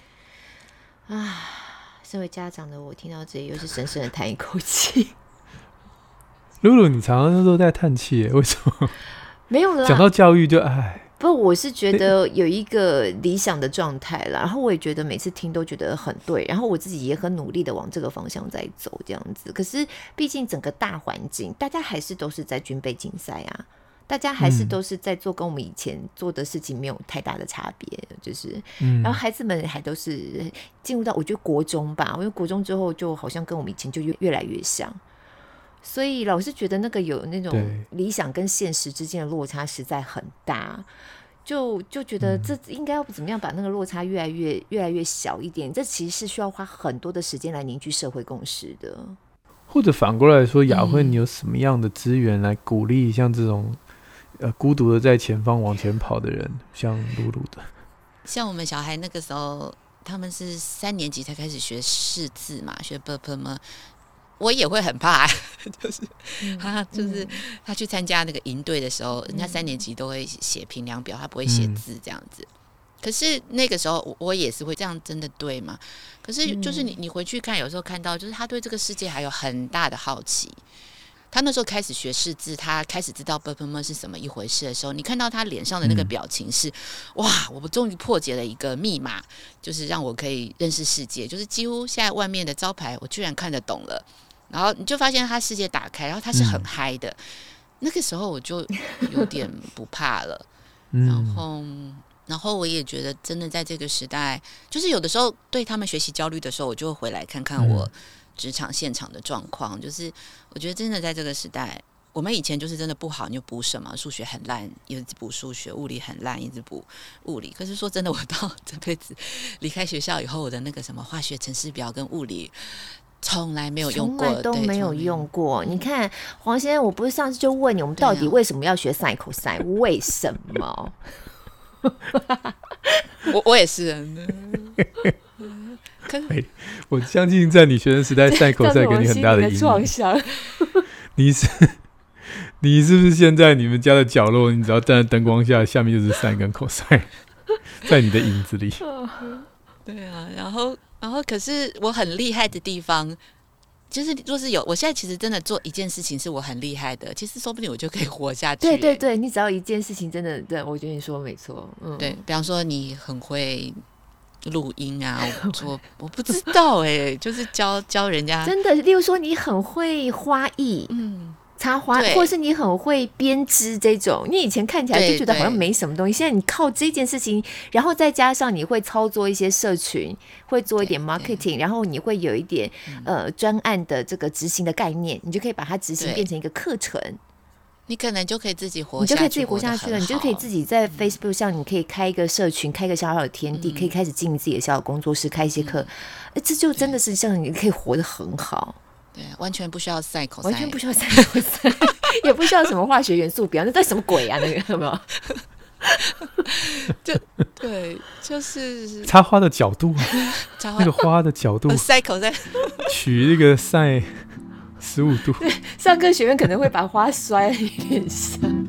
啊，身為家長的我聽到這裡又是深深的嘆一口氣。露露，你常常都在嘆氣，為什麼？沒有了。講到教育就，就哎。不，我是覺得有一個理想的狀態啦，然後我也覺得每次聽都覺得很對，然後我自己也很努力的往這個方向在走，這樣子。可是畢竟整個大環境，大家還是都是在軍備競賽啊，大家還是都是在做跟我們以前做的事情沒有太大的差別，嗯，就是，然後孩子們還都是進入到我覺得國中吧，因為國中之後就好像跟我們以前就越越來越像。所以老是覺得那個有那種理想跟現實之間的落差實在很大，就就覺得這應該要怎麼樣把那個落差越來越越來越小一點。這其實是需要花很多的時間來凝聚社會共識的。或者反過來說，雅慧，你有什麼樣的資源來鼓勵像這種、嗯、呃孤獨的在前方往前跑的人，像露露的，像我們小孩那個時候，他們是三年級才開始學識字嘛，學 ㄅㄆㄇ 嘛。我也會很怕， 就是、嗯、他，就是、嗯、他去參加那個營隊的時候，人家三年級都會寫評量表，他不會寫字這樣子、嗯。可是那個時候，我也是會這樣真的對嘛？可是就是你、嗯，你回去看，有時候看到就是他對這個世界還有很大的好奇。他那時候開始學識字，他開始知道 b u t m 是什麼一回事的時候，你看到他臉上的那個表情是：嗯、哇，我終於破解了一個密碼，就是讓我可以認識世界。就是幾乎現在外面的招牌，我居然看得懂了。然後你就發現他世界打開，然後他是很嗨的、嗯。那個時候我就有點不怕了。嗯、然後，然後我也覺得，真的在這個時代，就是有的時候對他們學習焦慮的時候，我就會回來看看我職場現場的狀況、嗯。就是我覺得真的在這個時代，我們以前就是真的不好，你就補什麼？數學很爛，一直補數學；物理很爛，一直補物理。可是說真的，我到這輩子離開學校以後，我的那個什麼化學、程式表跟物理，從來沒有用過，都沒有用過。你看黃先生，我不是上次就問你，我們到底為什麼要學 sin cos？為什麼？ 我我也是人的。可、 欸、我相信，在你學生時代，sin cos 給你很大的影響。你 是 你是不是現在你們家的角落，你只要站在燈光下，下面就是 sin 跟 cos，在你的影子裡。 對啊，然後。然後，可是我很厲害的地方，就是若是有，我現在其實真的做一件事情是我很厲害的，其實說不定我就可以活下去。欸。對對對，你只要一件事情真的，對我覺得你說沒錯。嗯，對，比方說你很會錄音啊，我做， 我不知道哎、欸，就是教教人家。真的，例如說你很會花藝，嗯。插花，或是你很會編織這種，你以前看起來就覺得好像沒什麼東西。現在你靠這件事情，然後再加上你會操作一些社群，會做一點 marketing，然後你會有一點呃專案的這個執行的概念，你就可以把它執行變成一個課程，你可能就可以自己活，你就可以自己活下去了。你就可以自己在 Facebook 上，你可以開一個社群，開一個小小的天地，可以開始進自己的小小的工作室，開一些課，這就真的是像你可以活得很好。對，完全不需要塞口塞，完全不需要塞口塞， 也不需要什麼化學元素表， 那這什麼鬼啊？那個什麼，有沒有 就對，就是插花的角度， 插花那個花的角度，塞口塞，取那個塞十五度。 對，上課學院可能會把花摔一下。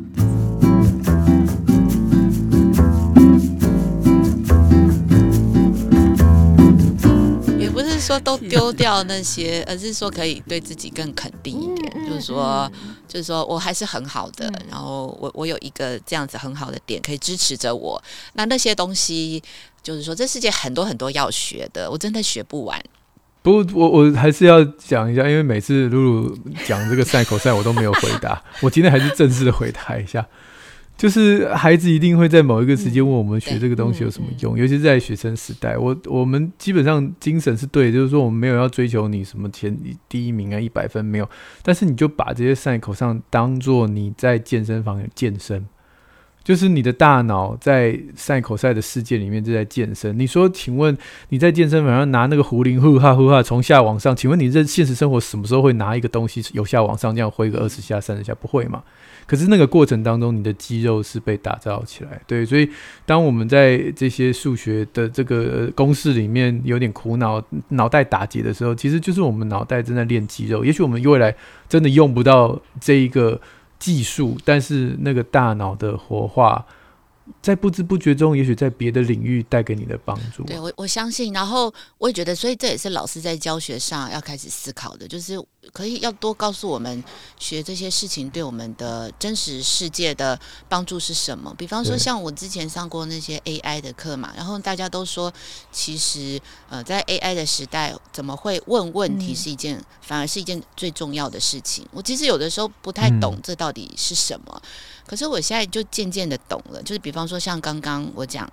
說都丟掉那些，而是說可以對自己更肯定一點，就是說，就是說我還是很好的，然後我我有一個這樣子很好的點可以支持着我。那那些東西，就是說這世界很多很多要學的，我真的學不完。不，我我還是要講一下，因為每次璐璐講這個賽口賽，我都沒有回答， 我今天還是正式的回答一下。就是孩子一定會在某一個時間問我們學這個東西有什麼用，嗯嗯、尤其是在學生時代。我我們基本上精神是對，就是說我們沒有要追求你什麼前第一名啊一百分沒有，但是你就把這些賽口上當做你在健身房健身，就是你的大腦在賽口賽的世界裡面就在健身。你說，請問你在健身房上拿那個壺鈴呼哈呼哈，從下往上，請問你這現實生活什麼時候會拿一個東西由下往上這樣揮個二十下三十下不會嗎？可是那個過程當中，你的肌肉是被打造起來，對，所以當我們在這些數學的這個公式裡面有點苦惱、腦袋打結的時候，其實就是我們腦袋正在練肌肉。也許我們未來真的用不到這一個技術，但是那個大腦的活化，在不知不覺中，也許在別的領域帶給你的幫助啊。對，我我相信，然後我也覺得，所以這也是老師在教學上要開始思考的，就是。可以要多告訴我們學這些事情對我們的真實世界的幫助是什麼？比方說，像我之前上過那些 AI 的課嘛，然後大家都說，其實呃，在 AI 的時代，怎麼會問問題是一件，反而是一件最重要的事情。我其實有的時候不太懂這到底是什麼，可是我現在就漸漸的懂了。就是比方說，像剛剛我講。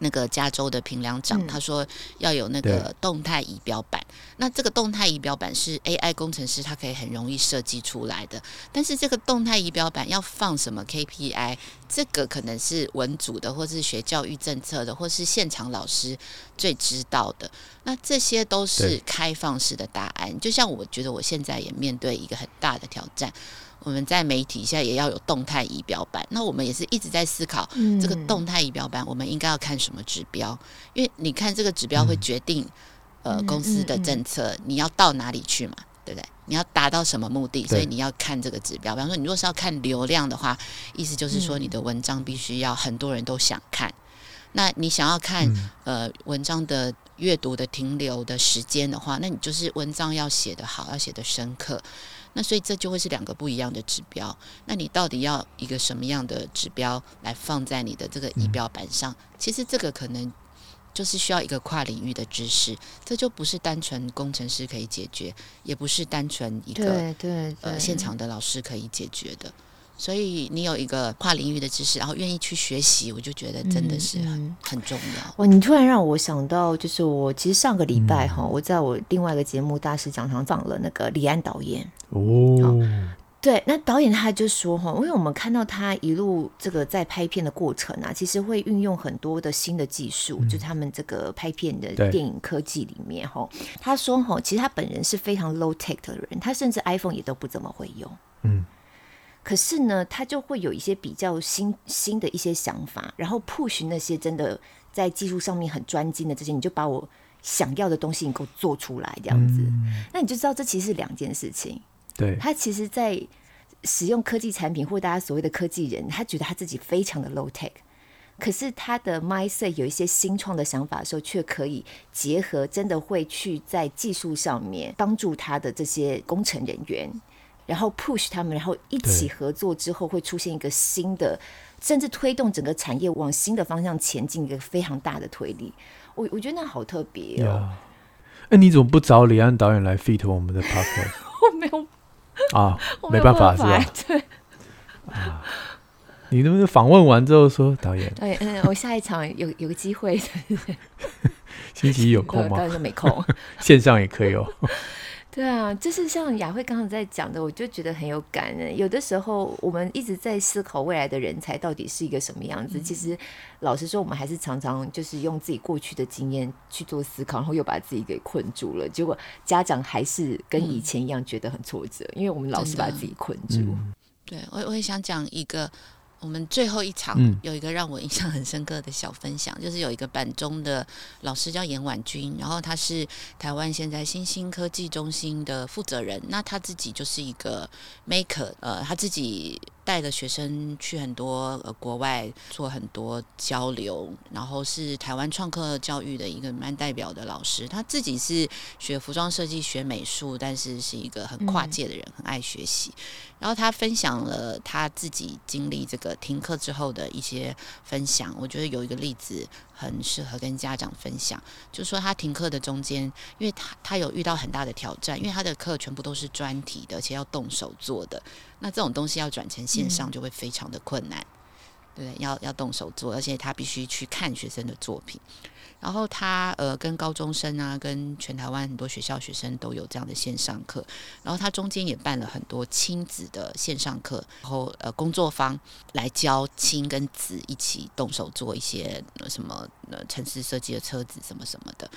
那個加州的評量長，嗯、他說要有那個動態儀表板，那這個動態儀表板是 AI 工程師他可以很容易設計出來的，但是這個動態儀表板要放什麼 KPI，這個可能是文組的或是學教育政策的或是現場老師最知道的，那這些都是開放式的答案，就像我覺得我現在也面對一個很大的挑戰。我們在媒體下也要有動態儀表板，那我們也是一直在思考、嗯、這個動態儀表板，我們應該要看什麼指標？因為你看這個指標會決定、嗯、呃公司的政策、嗯嗯嗯，你要到哪裡去嘛，對不對？你要達到什麼目的？所以你要看這個指標。比方說，你若是要看流量的話，意思就是說你的文章必須要很多人都想看。嗯、那你想要看、嗯、呃文章的閱讀的停留的時間的話，那你就是文章要寫得好，要寫得深刻。那所以這就會是兩個不一樣的指標。那你到底要一個什麼樣的指標來放在你的這個儀表板上、嗯？其實這個可能就是需要一個跨領域的知識，這就不是單純工程師可以解決，也不是單純一個呃現場的老師可以解決的、嗯。所以你有一個跨領域的知識，然後願意去學習，我就覺得真的是很很重要、嗯嗯。哇，你突然讓我想到，就是我其實上個禮拜哈、嗯，我在我另外一個節目大師講堂放了那個李安導演。Oh, 哦，對，那導演他就說哈，因為我們看到他一路這個在拍片的過程啊，其實會運用很多的新的技術、嗯，就他們這個拍片的電影科技裡面哈。他說哈，其實他本人是非常 low tech 的人，他甚至 iPhone 也都不怎麼會用。嗯，可是呢，他就會有一些比較新新的一些想法，然後 push 那些真的在技術上面很專精的這些，你就把我想要的東西，你給我做出來這樣子。嗯、那你就知道，這其實是兩件事情。對他其實，在使用科技產品或大家所謂的科技人，他覺得他自己非常的 low tech。可是他的 mindset 有一些新創的想法的時候，卻可以結合，真的會去在技術上面幫助他的這些工程人員，然後 push 他們，然後一起合作之後，會出現一個新的，甚至推動整個產業往新的方向前進一個非常大的推力。我我覺得那好特別哦。哎、yeah. 欸，你怎麼不找李安導演來 fit 我們的 podcast？我沒有。啊沒，沒辦法，是吧？對啊，你是不是訪問完之後說，導演？哎嗯，我下一場有有個機會，對對對，星期一有空嗎？但是沒空，線上也可以哦。 對啊，就是像雅慧剛剛在講的，我就覺得很有感恩。有的時候我們一直在思考未來的人才到底是一個什麼樣子，嗯、其實老實說，我們還是常常就是用自己過去的經驗去做思考，然後又把自己給困住了。結果家長還是跟以前一樣覺得很挫折，嗯、因為我們老是把自己困住。嗯、對，我我也想講一個。我們最後一場有一個讓我印象很深刻的小分享，嗯、就是有一個板中的老師叫嚴婉君，然後他是台灣現在新興科技中心的負責人，那他自己就是一個 maker，呃，他自己帶着學生去很多、呃、國外做很多交流，然後是台灣創客教育的一個蠻代表的老師，他自己是學服裝設計、學美術，但是是一個很跨界的人，嗯、很愛學習。然後他分享了他自己經歷這個停課之後的一些分享，我覺得有一個例子很適合跟家長分享，就是說他停課的中間，因為他他有遇到很大的挑戰，因為他的課全部都是專題的，而且要動手做的，那這種東西要轉成線上就會非常的困難。嗯。對，要要動手做，而且他必須去看學生的作品。然後他呃，跟高中生啊，跟全台灣很多學校學生都有這樣的線上課。然後他中間也辦了很多親子的線上課，然後呃，工作坊來教親跟子一起動手做一些，呃，什麼，呃，城市設計的車子什麼什麼的。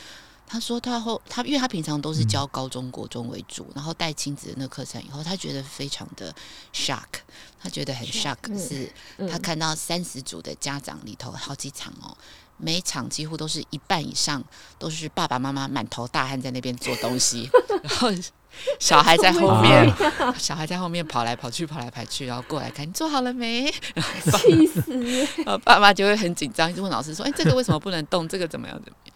他說：“他後他，因為他平常都是教高中國中為主，然後帶親子的那課程以後，他覺得非常的 shock，他覺得很 shock 是，他看到三十組的家長裡頭好幾場哦，每一場幾乎都是一半以上都是爸爸媽媽滿頭大汗在那邊做東西， 然後小孩在後面，啊，小孩在後面跑來跑去，跑來跑去，然後過來看你做好了沒？氣死！然後爸爸就會很緊張，就問老師說：‘哎、欸，這個為什麼不能動？這個怎麼樣？怎麼樣？’”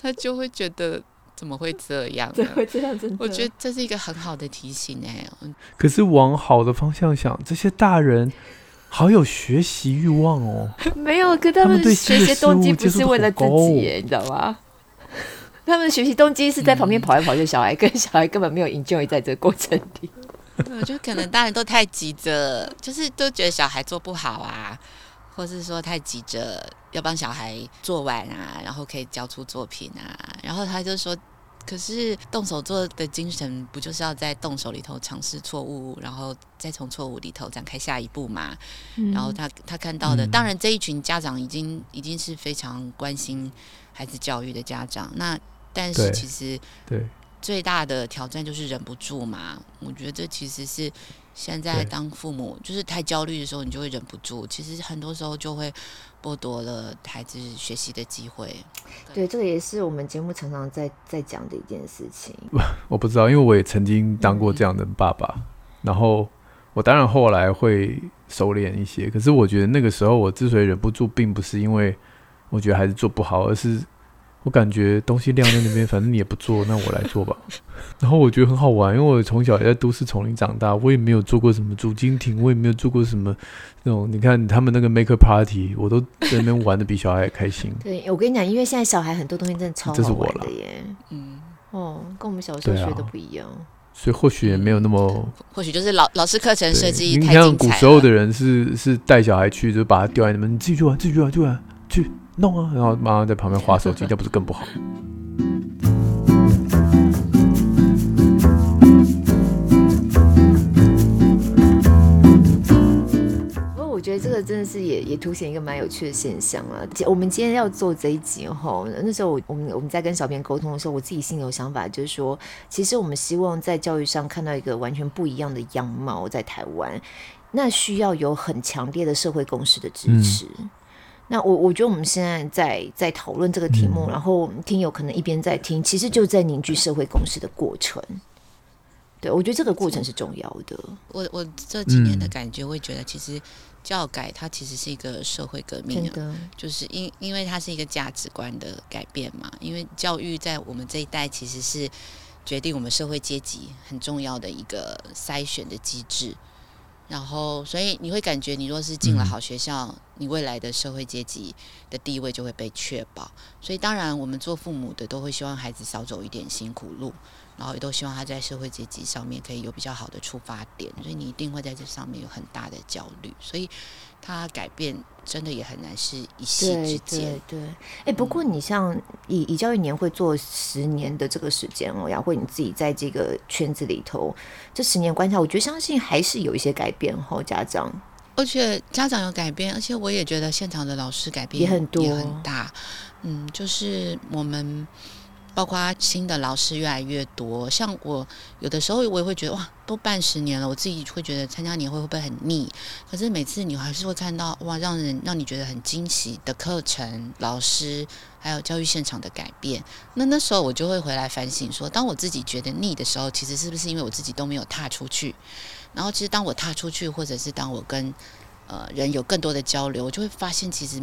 他就會覺得怎麼會這樣？怎麼會這樣，這會這樣？我覺得這是一個很好的提醒哎、欸。可是往好的方向想，這些大人好有學習慾望哦。 沒有，可跟他們學習動機不是為了自己，你知道嗎？ 他們學習動機是在旁邊跑來跑去，小孩、嗯、跟小孩根本沒有 enjoy 在這個過程裡。我覺得可能大人都太急着，就是都覺得小孩做不好啊。或是說太急着要幫小孩做完啊，然後可以交出作品啊，然後他就說，可是動手做的精神不就是要在動手裡頭嘗試錯誤，然後再從錯誤裡頭展開下一步嘛、嗯？然後他他看到的、嗯，當然這一群家長已經已經是非常關心孩子教育的家長，那但是其實對最大的挑戰就是忍不住嘛，我覺得這其實是。現在當父母就是太焦慮的時候，你就會忍不住。其實很多時候就會剝奪了孩子學習的機會對。對，這個也是我們節目常常在在講的一件事情。我不知道，因為我也曾經當過這樣的爸爸，嗯、然後我當然後來會收斂一些。可是我覺得那個時候我之所以忍不住，並不是因為我覺得孩子做不好，而是。我感覺東西晾在那邊，反正你也不做，那我來做吧。 然後我覺得很好玩，因為我從小也在都市叢林長大，我也沒有做過什麼竹蜻蜓，我也沒有做過什麼那種。你看他們那個 Maker Party，我都在那邊玩得比小孩還開心。 對，我跟你講，因為現在小孩很多東西真的超好玩的耶，這是我。嗯，哦，跟我們小時候學的不一樣，啊、所以或許也沒有那麼，嗯、或許就是老老師課程設計太精彩了。古時候的人是是帶小孩去，就把他丟在那邊，自己去玩，自己去玩，去玩，去。弄啊，然後媽媽在旁邊滑手機，那 不是更不好？不過我覺得這個真的是也也凸顯一個蠻有趣的現象啊。我們今天要做這一集齁，那時候我們我們在跟小編溝通的時候，我自己心裡有想法，就是說，其實我們希望在教育上看到一個完全不一樣的樣貌在台灣，那需要有很強烈的社會共識的支持。嗯那我我覺得我們現在在在討論這個題目，嗯、然後我們聽友可能一邊在聽，其實就在凝聚社會共識的過程。對，我覺得這個過程是重要的。嗯、我我這幾年的感覺，會覺得其實教改它其實是一個社會革命，的、嗯，就是因因為它是一個價值觀的改變嘛。因為教育在我們這一代其實是決定我們社會階級很重要的一個篩選的機制。然後，所以你會感覺，你若是進了好學校，嗯，你未來的社會階級的地位就會被確保。所以，當然，我們做父母的都會希望孩子少走一點辛苦路，然後也都希望他在社會階級上面可以有比較好的出發點。所以，你一定會在這上面有很大的焦慮。所以。它改變真的也很難是一夕之間。對哎，不、欸、過、嗯、你像以以教育年會做十年的這個時間哦，包括你自己在這個圈子裡頭，這十年觀察，我覺得相信還是有一些改變、哦。後家長，而且家長有改變，而且我也覺得現場的老師改變也很多、啊，也很大。嗯，就是我們。包括新的老師越來越多，像我有的時候我也會覺得哇，都辦十年了，我自己會覺得參加年會會不會很膩？可是每次你還是會看到哇，讓人讓你覺得很驚喜的課程、老師，還有教育現場的改變。那那時候我就會回來反省說，當我自己覺得膩的時候，其實是不是因為我自己都沒有踏出去？然後其實當我踏出去，或者是當我跟呃人有更多的交流，我就會發現其實。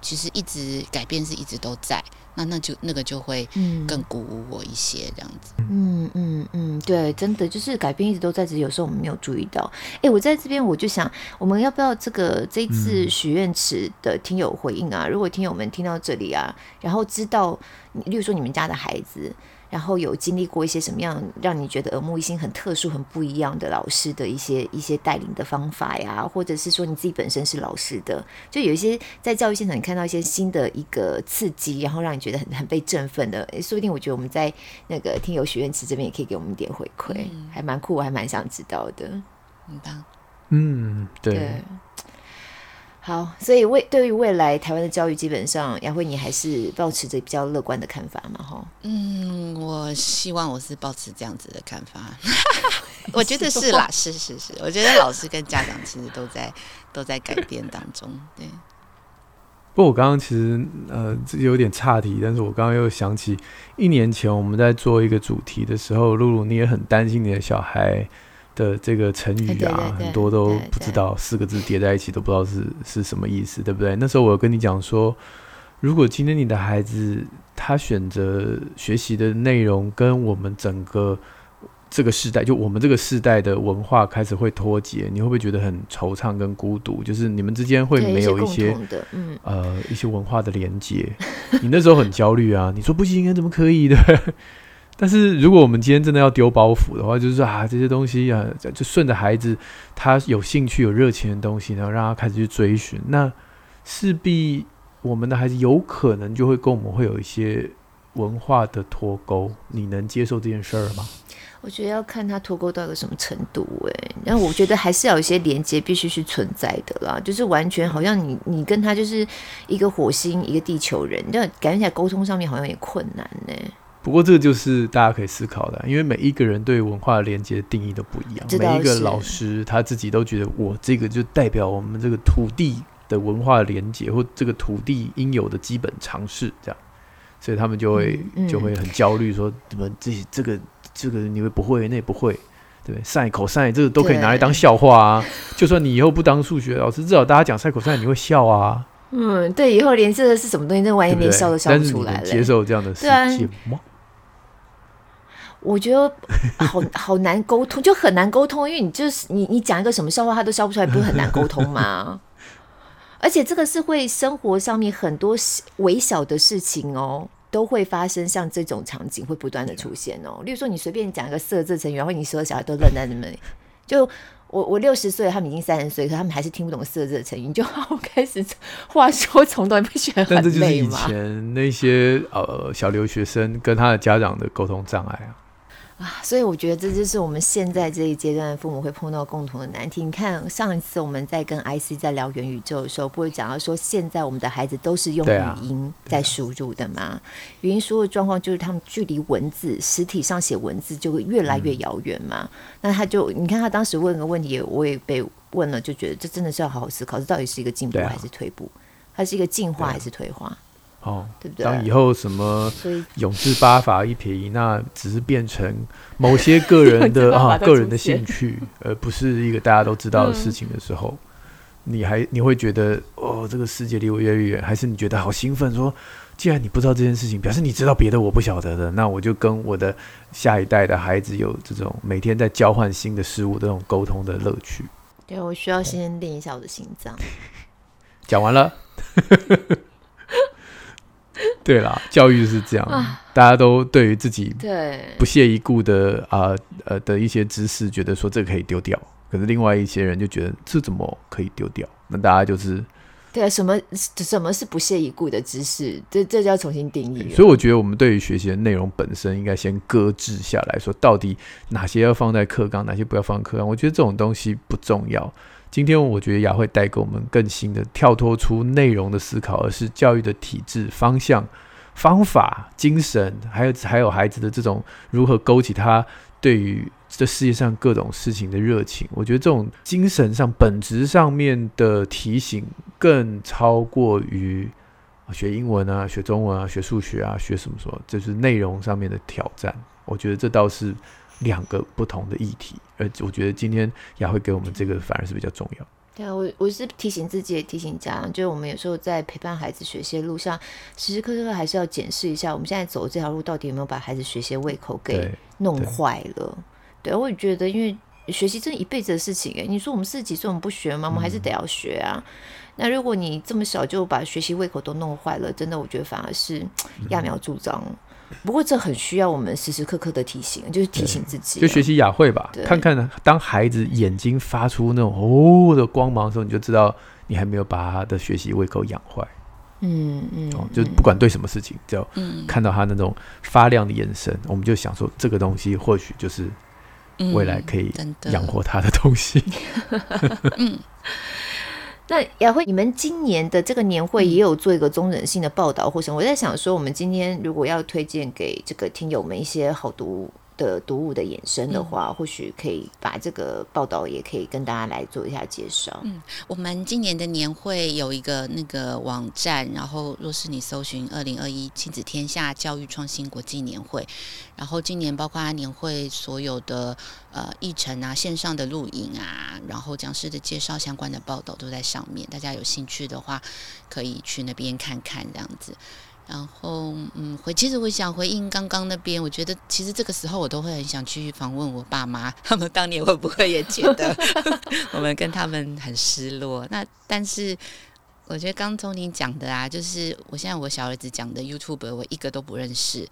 其實一直改變是一直都在，那那就那個就會嗯更鼓舞我一些這樣子，嗯嗯嗯，對，真的就是改變一直都在，只是有時候我們沒有注意到。哎、欸，我在這邊我就想，我們要不要這個這一次許願池的聽友回應啊、嗯？如果聽友們聽到這裡啊，然後知道，例如說你們家的孩子。然後有經歷過一些什麼樣讓你覺得耳目一新、很特殊、很不一樣的老師的一些一些帶領的方法呀，或者是說你自己本身是老師的，就有一些在教育現場你看到一些新的一個刺激，然後讓你覺得很很被振奮的誒。說不定我覺得我們在那個聽友許願池這邊也可以給我們一點回饋，嗯、還蠻酷，我還蠻想知道的。嗯，對。對好，所以未對於未來台灣的教育，基本上雅慧，你還是保持着比較樂觀的看法嘛？嗯，我希望我是保持這樣子的看法， 我覺得是啦， 是是是，我覺得老師跟家長其實都在 都在改變當中，對。不過我剛剛其實呃自己有點岔題，但是我剛剛又想起一年前我們在做一個主題的時候，璐璐你也很擔心你的小孩。的這個成語啊，欸、對對對很多都不知道，四個字疊在一起對對對都不知道是是什麼意思，對不對？那時候我有跟你講說，如果今天你的孩子他選擇學習的內容跟我們整個這個時代，就我們這個世代的文化開始會脫節，你會不會覺得很惆悵跟孤獨？就是你們之間會沒有一些,一些嗯，呃，一些文化的連接。 你那時候很焦慮啊，你說不行，怎麼可以的？ 但是，如果我們今天真的要丟包袱的話，就是說啊，這些東西啊，就順着孩子他有興趣、有熱情的東西，然後讓他開始去追尋。那勢必我們的孩子有可能就會跟我們會有一些文化的脫鈎。你能接受這件事兒嗎？我覺得要看他脫鈎到一個什麼程度哎、欸。那我覺得還是要有一些連接必須是存在的啦，就是完全好像你你跟他就是一個火星一個地球人，就感覺起來溝通上面好像也困難呢、欸。不過這個就是大家可以思考的，因為每一個人對文化的連接的定義都不一樣。每一個老師他自己都覺得我這個就代表我們這個土地的文化連接，或這個土地應有的基本常識這樣，所以他們就會、嗯、就會很焦慮，說你們這這個這個你會不會那也不會，對不對？賽口賽這個都可以拿來當笑話啊。就算你以後不當數學老師，至少大家講賽口賽你會笑啊。嗯，對，以後連這個是什麼東西，那萬一連笑都笑不出來，你接受這樣的世界嗎？ 我覺得好好難溝通，就很難溝通，因為你就是你，你講一個什麼笑話，他都笑不出來，不是很難溝通嗎？ 而且這個是會生活上面很多微小的事情哦，都會發生，像這種場景會不斷的出現哦。例如說，你隨便講一個四字成語，然後你所有小孩都愣在那邊。就我我六十歲，他們已經三十歲，可他們還是聽不懂四字的成語，你就開始話說從頭不全。但這就是以前那些呃小留學生跟他的家長的溝通障礙啊。啊，所以我覺得這就是我們現在這一階段的父母會碰到共同的難題。你看上一次我們在跟 IC 在聊元宇宙的時候，不是講到說，現在我們的孩子都是用語音在輸入的嘛，啊啊？語音輸入狀況就是他們距離文字實體上寫文字就會越來越遙遠嘛，嗯。那他就你看他當時問個問題，我也被問了，就覺得這真的是要好好思考，這到底是一個進步還是退步？它，啊、是一個進化還是退化？哦，對不對？當以後什麼永字八法一撇一，那只是變成某些個人的 啊，個人的興趣， 而不是一個大家都知道的事情的時候，嗯、你還你會覺得哦，這個世界離我越來越遠，還是你覺得好興奮說，說既然你不知道這件事情，表示你知道別的我不曉得的，那我就跟我的下一代的孩子有這種每天在交換新的事物、這種溝通的樂趣。對，我需要先練一下我的心臟。 講完了。 對啦，教育是這樣，大家都對於自己對不屑一顧的啊呃、呃的一些知識，覺得說這個可以丟掉，可是另外一些人就覺得這怎麼可以丟掉？那大家就是對啊，什麼什麼是不屑一顧的知識，這這就要重新定義了。所以我覺得我們對於學習的內容本身，應該先擱置下來說，到底哪些要放在課綱，哪些不要放課綱？我覺得這種東西不重要。今天我覺得雅慧帶給我們更新的、跳脫出內容的思考，而是教育的體制、方向、方法、精神，還有還有孩子的這種如何勾起他對於這世界上各種事情的熱情。我覺得這種精神上、本質上面的提醒，更超過於學英文啊、學中文啊、學數學啊、學什麼什麼，就是內容上面的挑戰。我覺得這倒是。兩個不同的議題，而我覺得今天雅慧給我們這個反而是比較重要。對啊，我我是提醒自己也提醒家長，就是我們有時候在陪伴孩子學習的路上，時時刻刻還是要檢視一下，我們現在走的這條路到底有沒有把孩子學習的胃口給弄壞了？對，對，對，我也覺得，因為學習真的一輩子的事情。哎，你說我們四十幾歲我們不學嗎？我們還是得要學啊。嗯、那如果你這麼小就把學習胃口都弄壞了，真的，我覺得反而是揠苗助長。嗯不過，這很需要我們時時刻刻的提醒，就是提醒自己、啊，就學習雅慧吧，看看當孩子眼睛發出那種哦的光芒的時候，你就知道你還沒有把他的學習胃口養壞。嗯嗯、哦，就不管對什麼事情，只要看到他那種發亮的眼神，嗯、我們就想說，這個東西或許就是未來可以養活他的東西。嗯。那雅慧，你們今年的這個年會也有做一個綜整性的報道，或者我在想說，我們今天如果要推薦給這個聽友們一些好讀物。的讀物的衍生的話，嗯、或許可以把這個報道也可以跟大家來做一下介紹。嗯，我們今年的年會有一個那個網站，然後若是你搜尋“二零二一親子天下教育創新國際年會”，然後今年包括他年會所有的呃議程啊、線上的錄影啊，然後講師的介紹相關的報道都在上面，大家有興趣的話可以去那邊看看，這樣子。然後，嗯，回，其實我想回應剛剛那邊，我覺得其實這個時候我都會很想去訪問我爸媽，他們當年會不會也覺得 我們跟他們很失落？ 那但是我覺得剛從你講的啊，就是我現在我小兒子講的 YouTuber，我一個都不認識。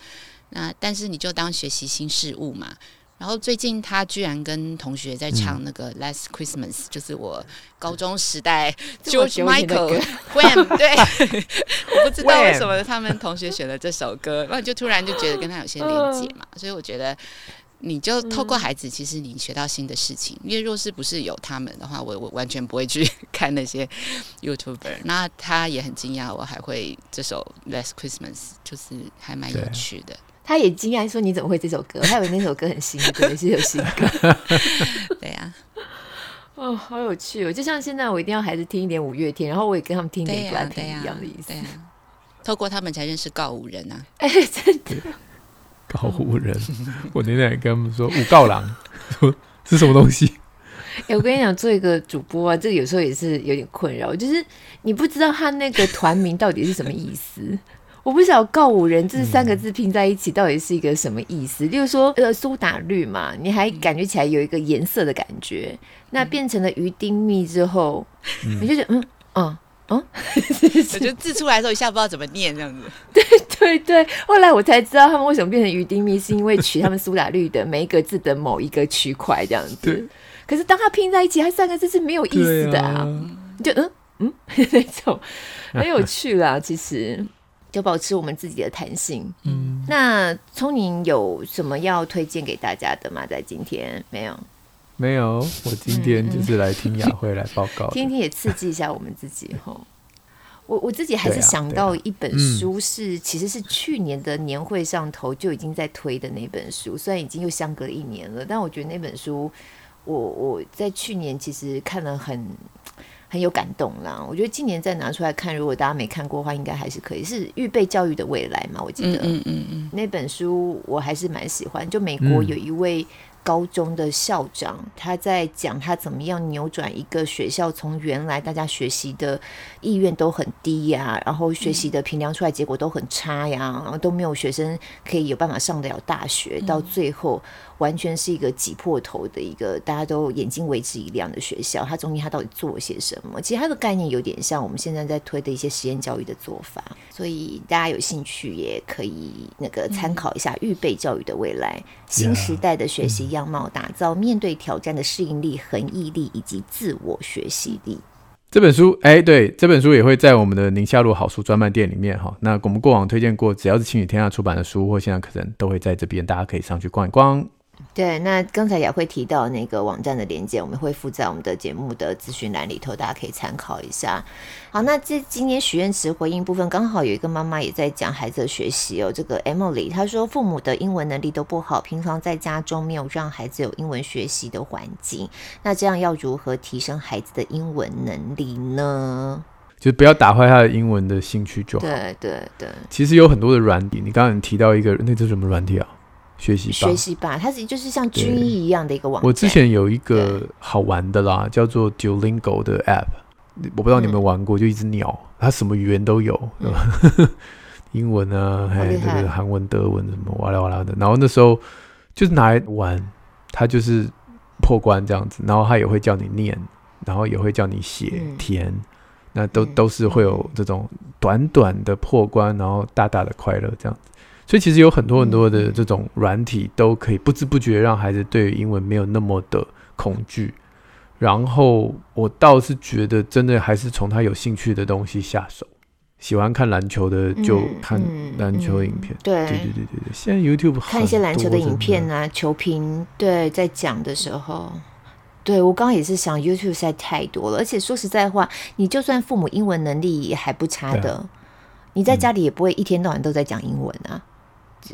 那但是你就當學習新事物嘛。然後最近他居然跟同學在唱那個 Last Christmas，、嗯、就是我高中時代 George Michael Wham 對， Wham? 我不知道為什麼他們同學選了這首歌，然後就突然就覺得跟他有些連接嘛，所以我覺得你就透過孩子，其實你學到新的事情、嗯，因為若是不是有他們的話，我我完全不會去看那些 YouTuber。 那他也很驚訝，我還會這首 Last Christmas，就是還蠻有趣的。他也驚訝說：“你怎麼會這首歌？他以為那首歌很新歌，真 也是有新歌。 ”對呀、啊，哦，好有趣哦！就像現在，我一定要孩子聽一點五月天，然後我也跟他們聽一點五月、啊啊、一樣的意思對、啊對啊。透過他們才認識告五人吶、啊，哎，真的告五人、哦，我那天也跟他們說五告郎，是什麼東西？哎、欸，我跟你講，做一個主播啊，這個、有時候也是有點困擾，就是你不知道他那個團名到底是什麼意思。 我不知道告五人”這三個字拼在一起到底是一個什麼意思。就、嗯、是說，呃，蘇打綠嘛，你還感覺起來有一個顏色的感覺。嗯、那變成了魚丁糸之後，嗯、你就覺得嗯，哦、嗯，哦、嗯嗯， 我就字出來的時候一下不知道怎麼念這樣子。 對對對，後來我才知道他們為什麼變成魚丁糸，是因為取他們蘇打綠的每一個字的某一個區塊這樣子。是可是當它拼在一起，它三個字是沒有意思的啊。啊就嗯嗯 那種很有趣啦，啊、其實。就保持我們自己的彈性。嗯，那聰寧有什麼要推薦給大家的嗎？在今天沒有，沒有。我今天就是來聽雅慧來報告，嗯、聽一聽 也刺激一下我們自己哈。我我自己還是想到一本書是，是、啊啊、其實是去年的年會上頭就已經在推的那本書，嗯、雖然已經又相隔了一年了，但我覺得那本書，我我在去年其實看了很。很有感動啦！我覺得今年再拿出來看，如果大家沒看過的話，應該還是可以。是預備教育的未來嘛？我記得、嗯嗯嗯、那本書，我還是蠻喜歡。就美國有一位高中的校長，嗯、他在講他怎麼樣扭轉一個學校，從原來大家學習的意願都很低呀、啊，然後學習的評量出來結果都很差呀、啊嗯，然後都沒有學生可以有辦法上得了大學，到最後。嗯完全是一個擠破頭的一個，大家都眼睛為之一亮的學校。它中間它到底做了些什麼？其實它的概念有點像我們現在在推的一些實驗教育的做法，所以大家有興趣也可以那個參考一下。預備教育的未來、嗯，新時代的學習樣貌、嗯，打造面對挑戰的適應力、恆毅力以及自我學習力。這本書，哎，對，這本書也會在我們的寧夏璐好書專賣店裡面哈。那我們過往推薦過，只要是親子天下出版的書，或現在可能都會在這邊，大家可以上去逛一逛。對，那剛才雅慧提到那個網站的鏈接，我們會附在我們的節目的資訊欄裡頭，大家可以參考一下。好，那這今天許願池回應部分，剛好有一個媽媽也在講孩子的學習哦。這個 Emily 她說，父母的英文能力都不好，平常在家中沒有讓孩子有英文學習的環境，那這樣要如何提升孩子的英文能力呢？就不要打壞他的英文的興趣就好。對對對。其實有很多的軟體，你剛剛有提到一個，那是什麼軟體啊？學習學習吧，它是就是像均一一樣的一個網站。我之前有一個好玩的啦，叫做 Duolingo 的 App，我不知道你們有沒有玩過，嗯、就一隻鳥，它什麼語言都有，嗯、呵呵英文啊，還有這個韓文、德文什麼哇啦哇啦的。然後那時候就是拿來玩，它就是破關這樣子，然後它也會叫你念，然後也會叫你寫填、嗯，那都都是會有這種短短的破關，然後大大的快樂這樣子。所以其實有很多很多的這種軟體、嗯、都可以不知不覺讓孩子對英文沒有那麼的恐懼。然後我倒是覺得，真的還是從他有興趣的東西下手。喜歡看籃球的就看籃球影片，嗯嗯，對對對對對。現在 YouTube 很多，看一些籃球的影片啊，球評對在講的時候，對我剛剛也是想 YouTube 塞太多了。而且說實在話，你就算父母英文能力也還不差的，啊嗯，你在家裡也不會一天到晚都在講英文啊。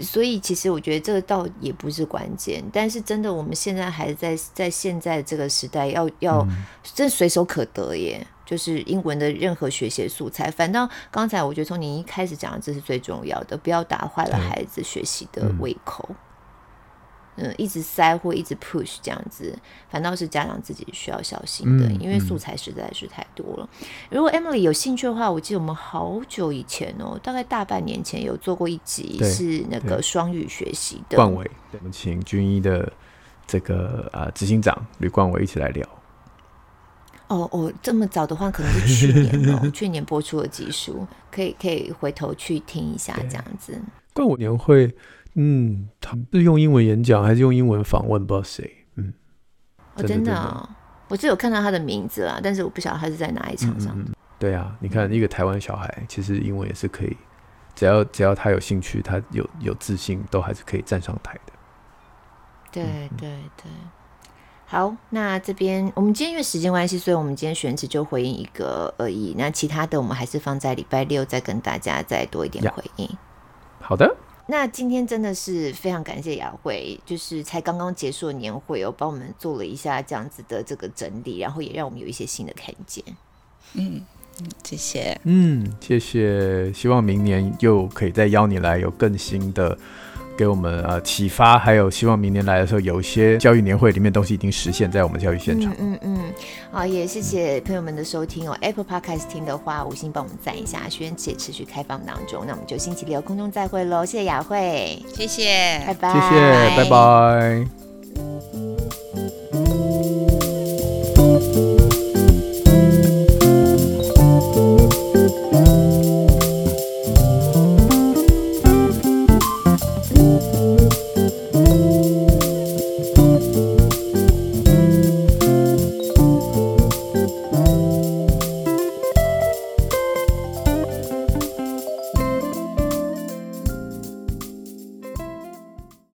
所以其實我覺得這個倒也不是關鍵，但是真的我們現在還在在現在這個時代要，要要真隨手可得耶，就是英文的任何學習素材。反正剛才我覺得從你一開始講的，這是最重要的，不要打壞了孩子學習的胃口。嗯嗯。嗯，一直塞或一直 push 這樣子，反倒是家長自己需要小心的，嗯、因為素材實在是太多了，嗯。如果 Emily 有興趣的話，我記得我們好久以前哦、喔，大概大半年前有做過一集是那個雙語學習的。冠偉，我們請軍醫的這個啊執、呃、行長呂冠偉一起來聊。哦哦，這麼早的話，可能是去年哦、喔， 去年播出的集數，可以可以回頭去聽一下這樣子。冠五年會。嗯，他不是用英文演講，還是用英文訪問？不知道誰。嗯，oh, 真的啊、喔，我只有看到他的名字啦，但是我不曉得他是在哪一場上嗯嗯嗯。對啊，嗯、你看一個台灣小孩，其實英文也是可以，只要只要他有興趣，他有有自信、嗯，都還是可以站上台的。對對對，嗯、好，那這邊我們今天因為時間關係，所以我們今天選擇就回應一個而已，那其他的我們還是放在禮拜六再跟大家再多一點回應。Yeah. 好的。那今天真的是非常感謝雅慧，就是才剛剛結束年會，又幫我們做了一下這樣子的這個整理，然後也讓我們有一些新的看見。嗯，嗯謝謝。嗯，謝謝。希望明年又可以再邀你來，有更新的。給我們啊、呃、啟發，還有希望明年來的時候，有一些教育年會裡面東西已經實現在我們教育現場。嗯嗯，好、嗯，也、oh yeah, 嗯、謝謝朋友們的收聽哦。Apple Podcast 聽的話，五星幫我們讚一下。許願池也持續開放當中，那我們就星期六空中再會嘍。謝謝雅慧，謝謝，拜拜，謝謝，拜拜。拜拜嗯嗯嗯嗯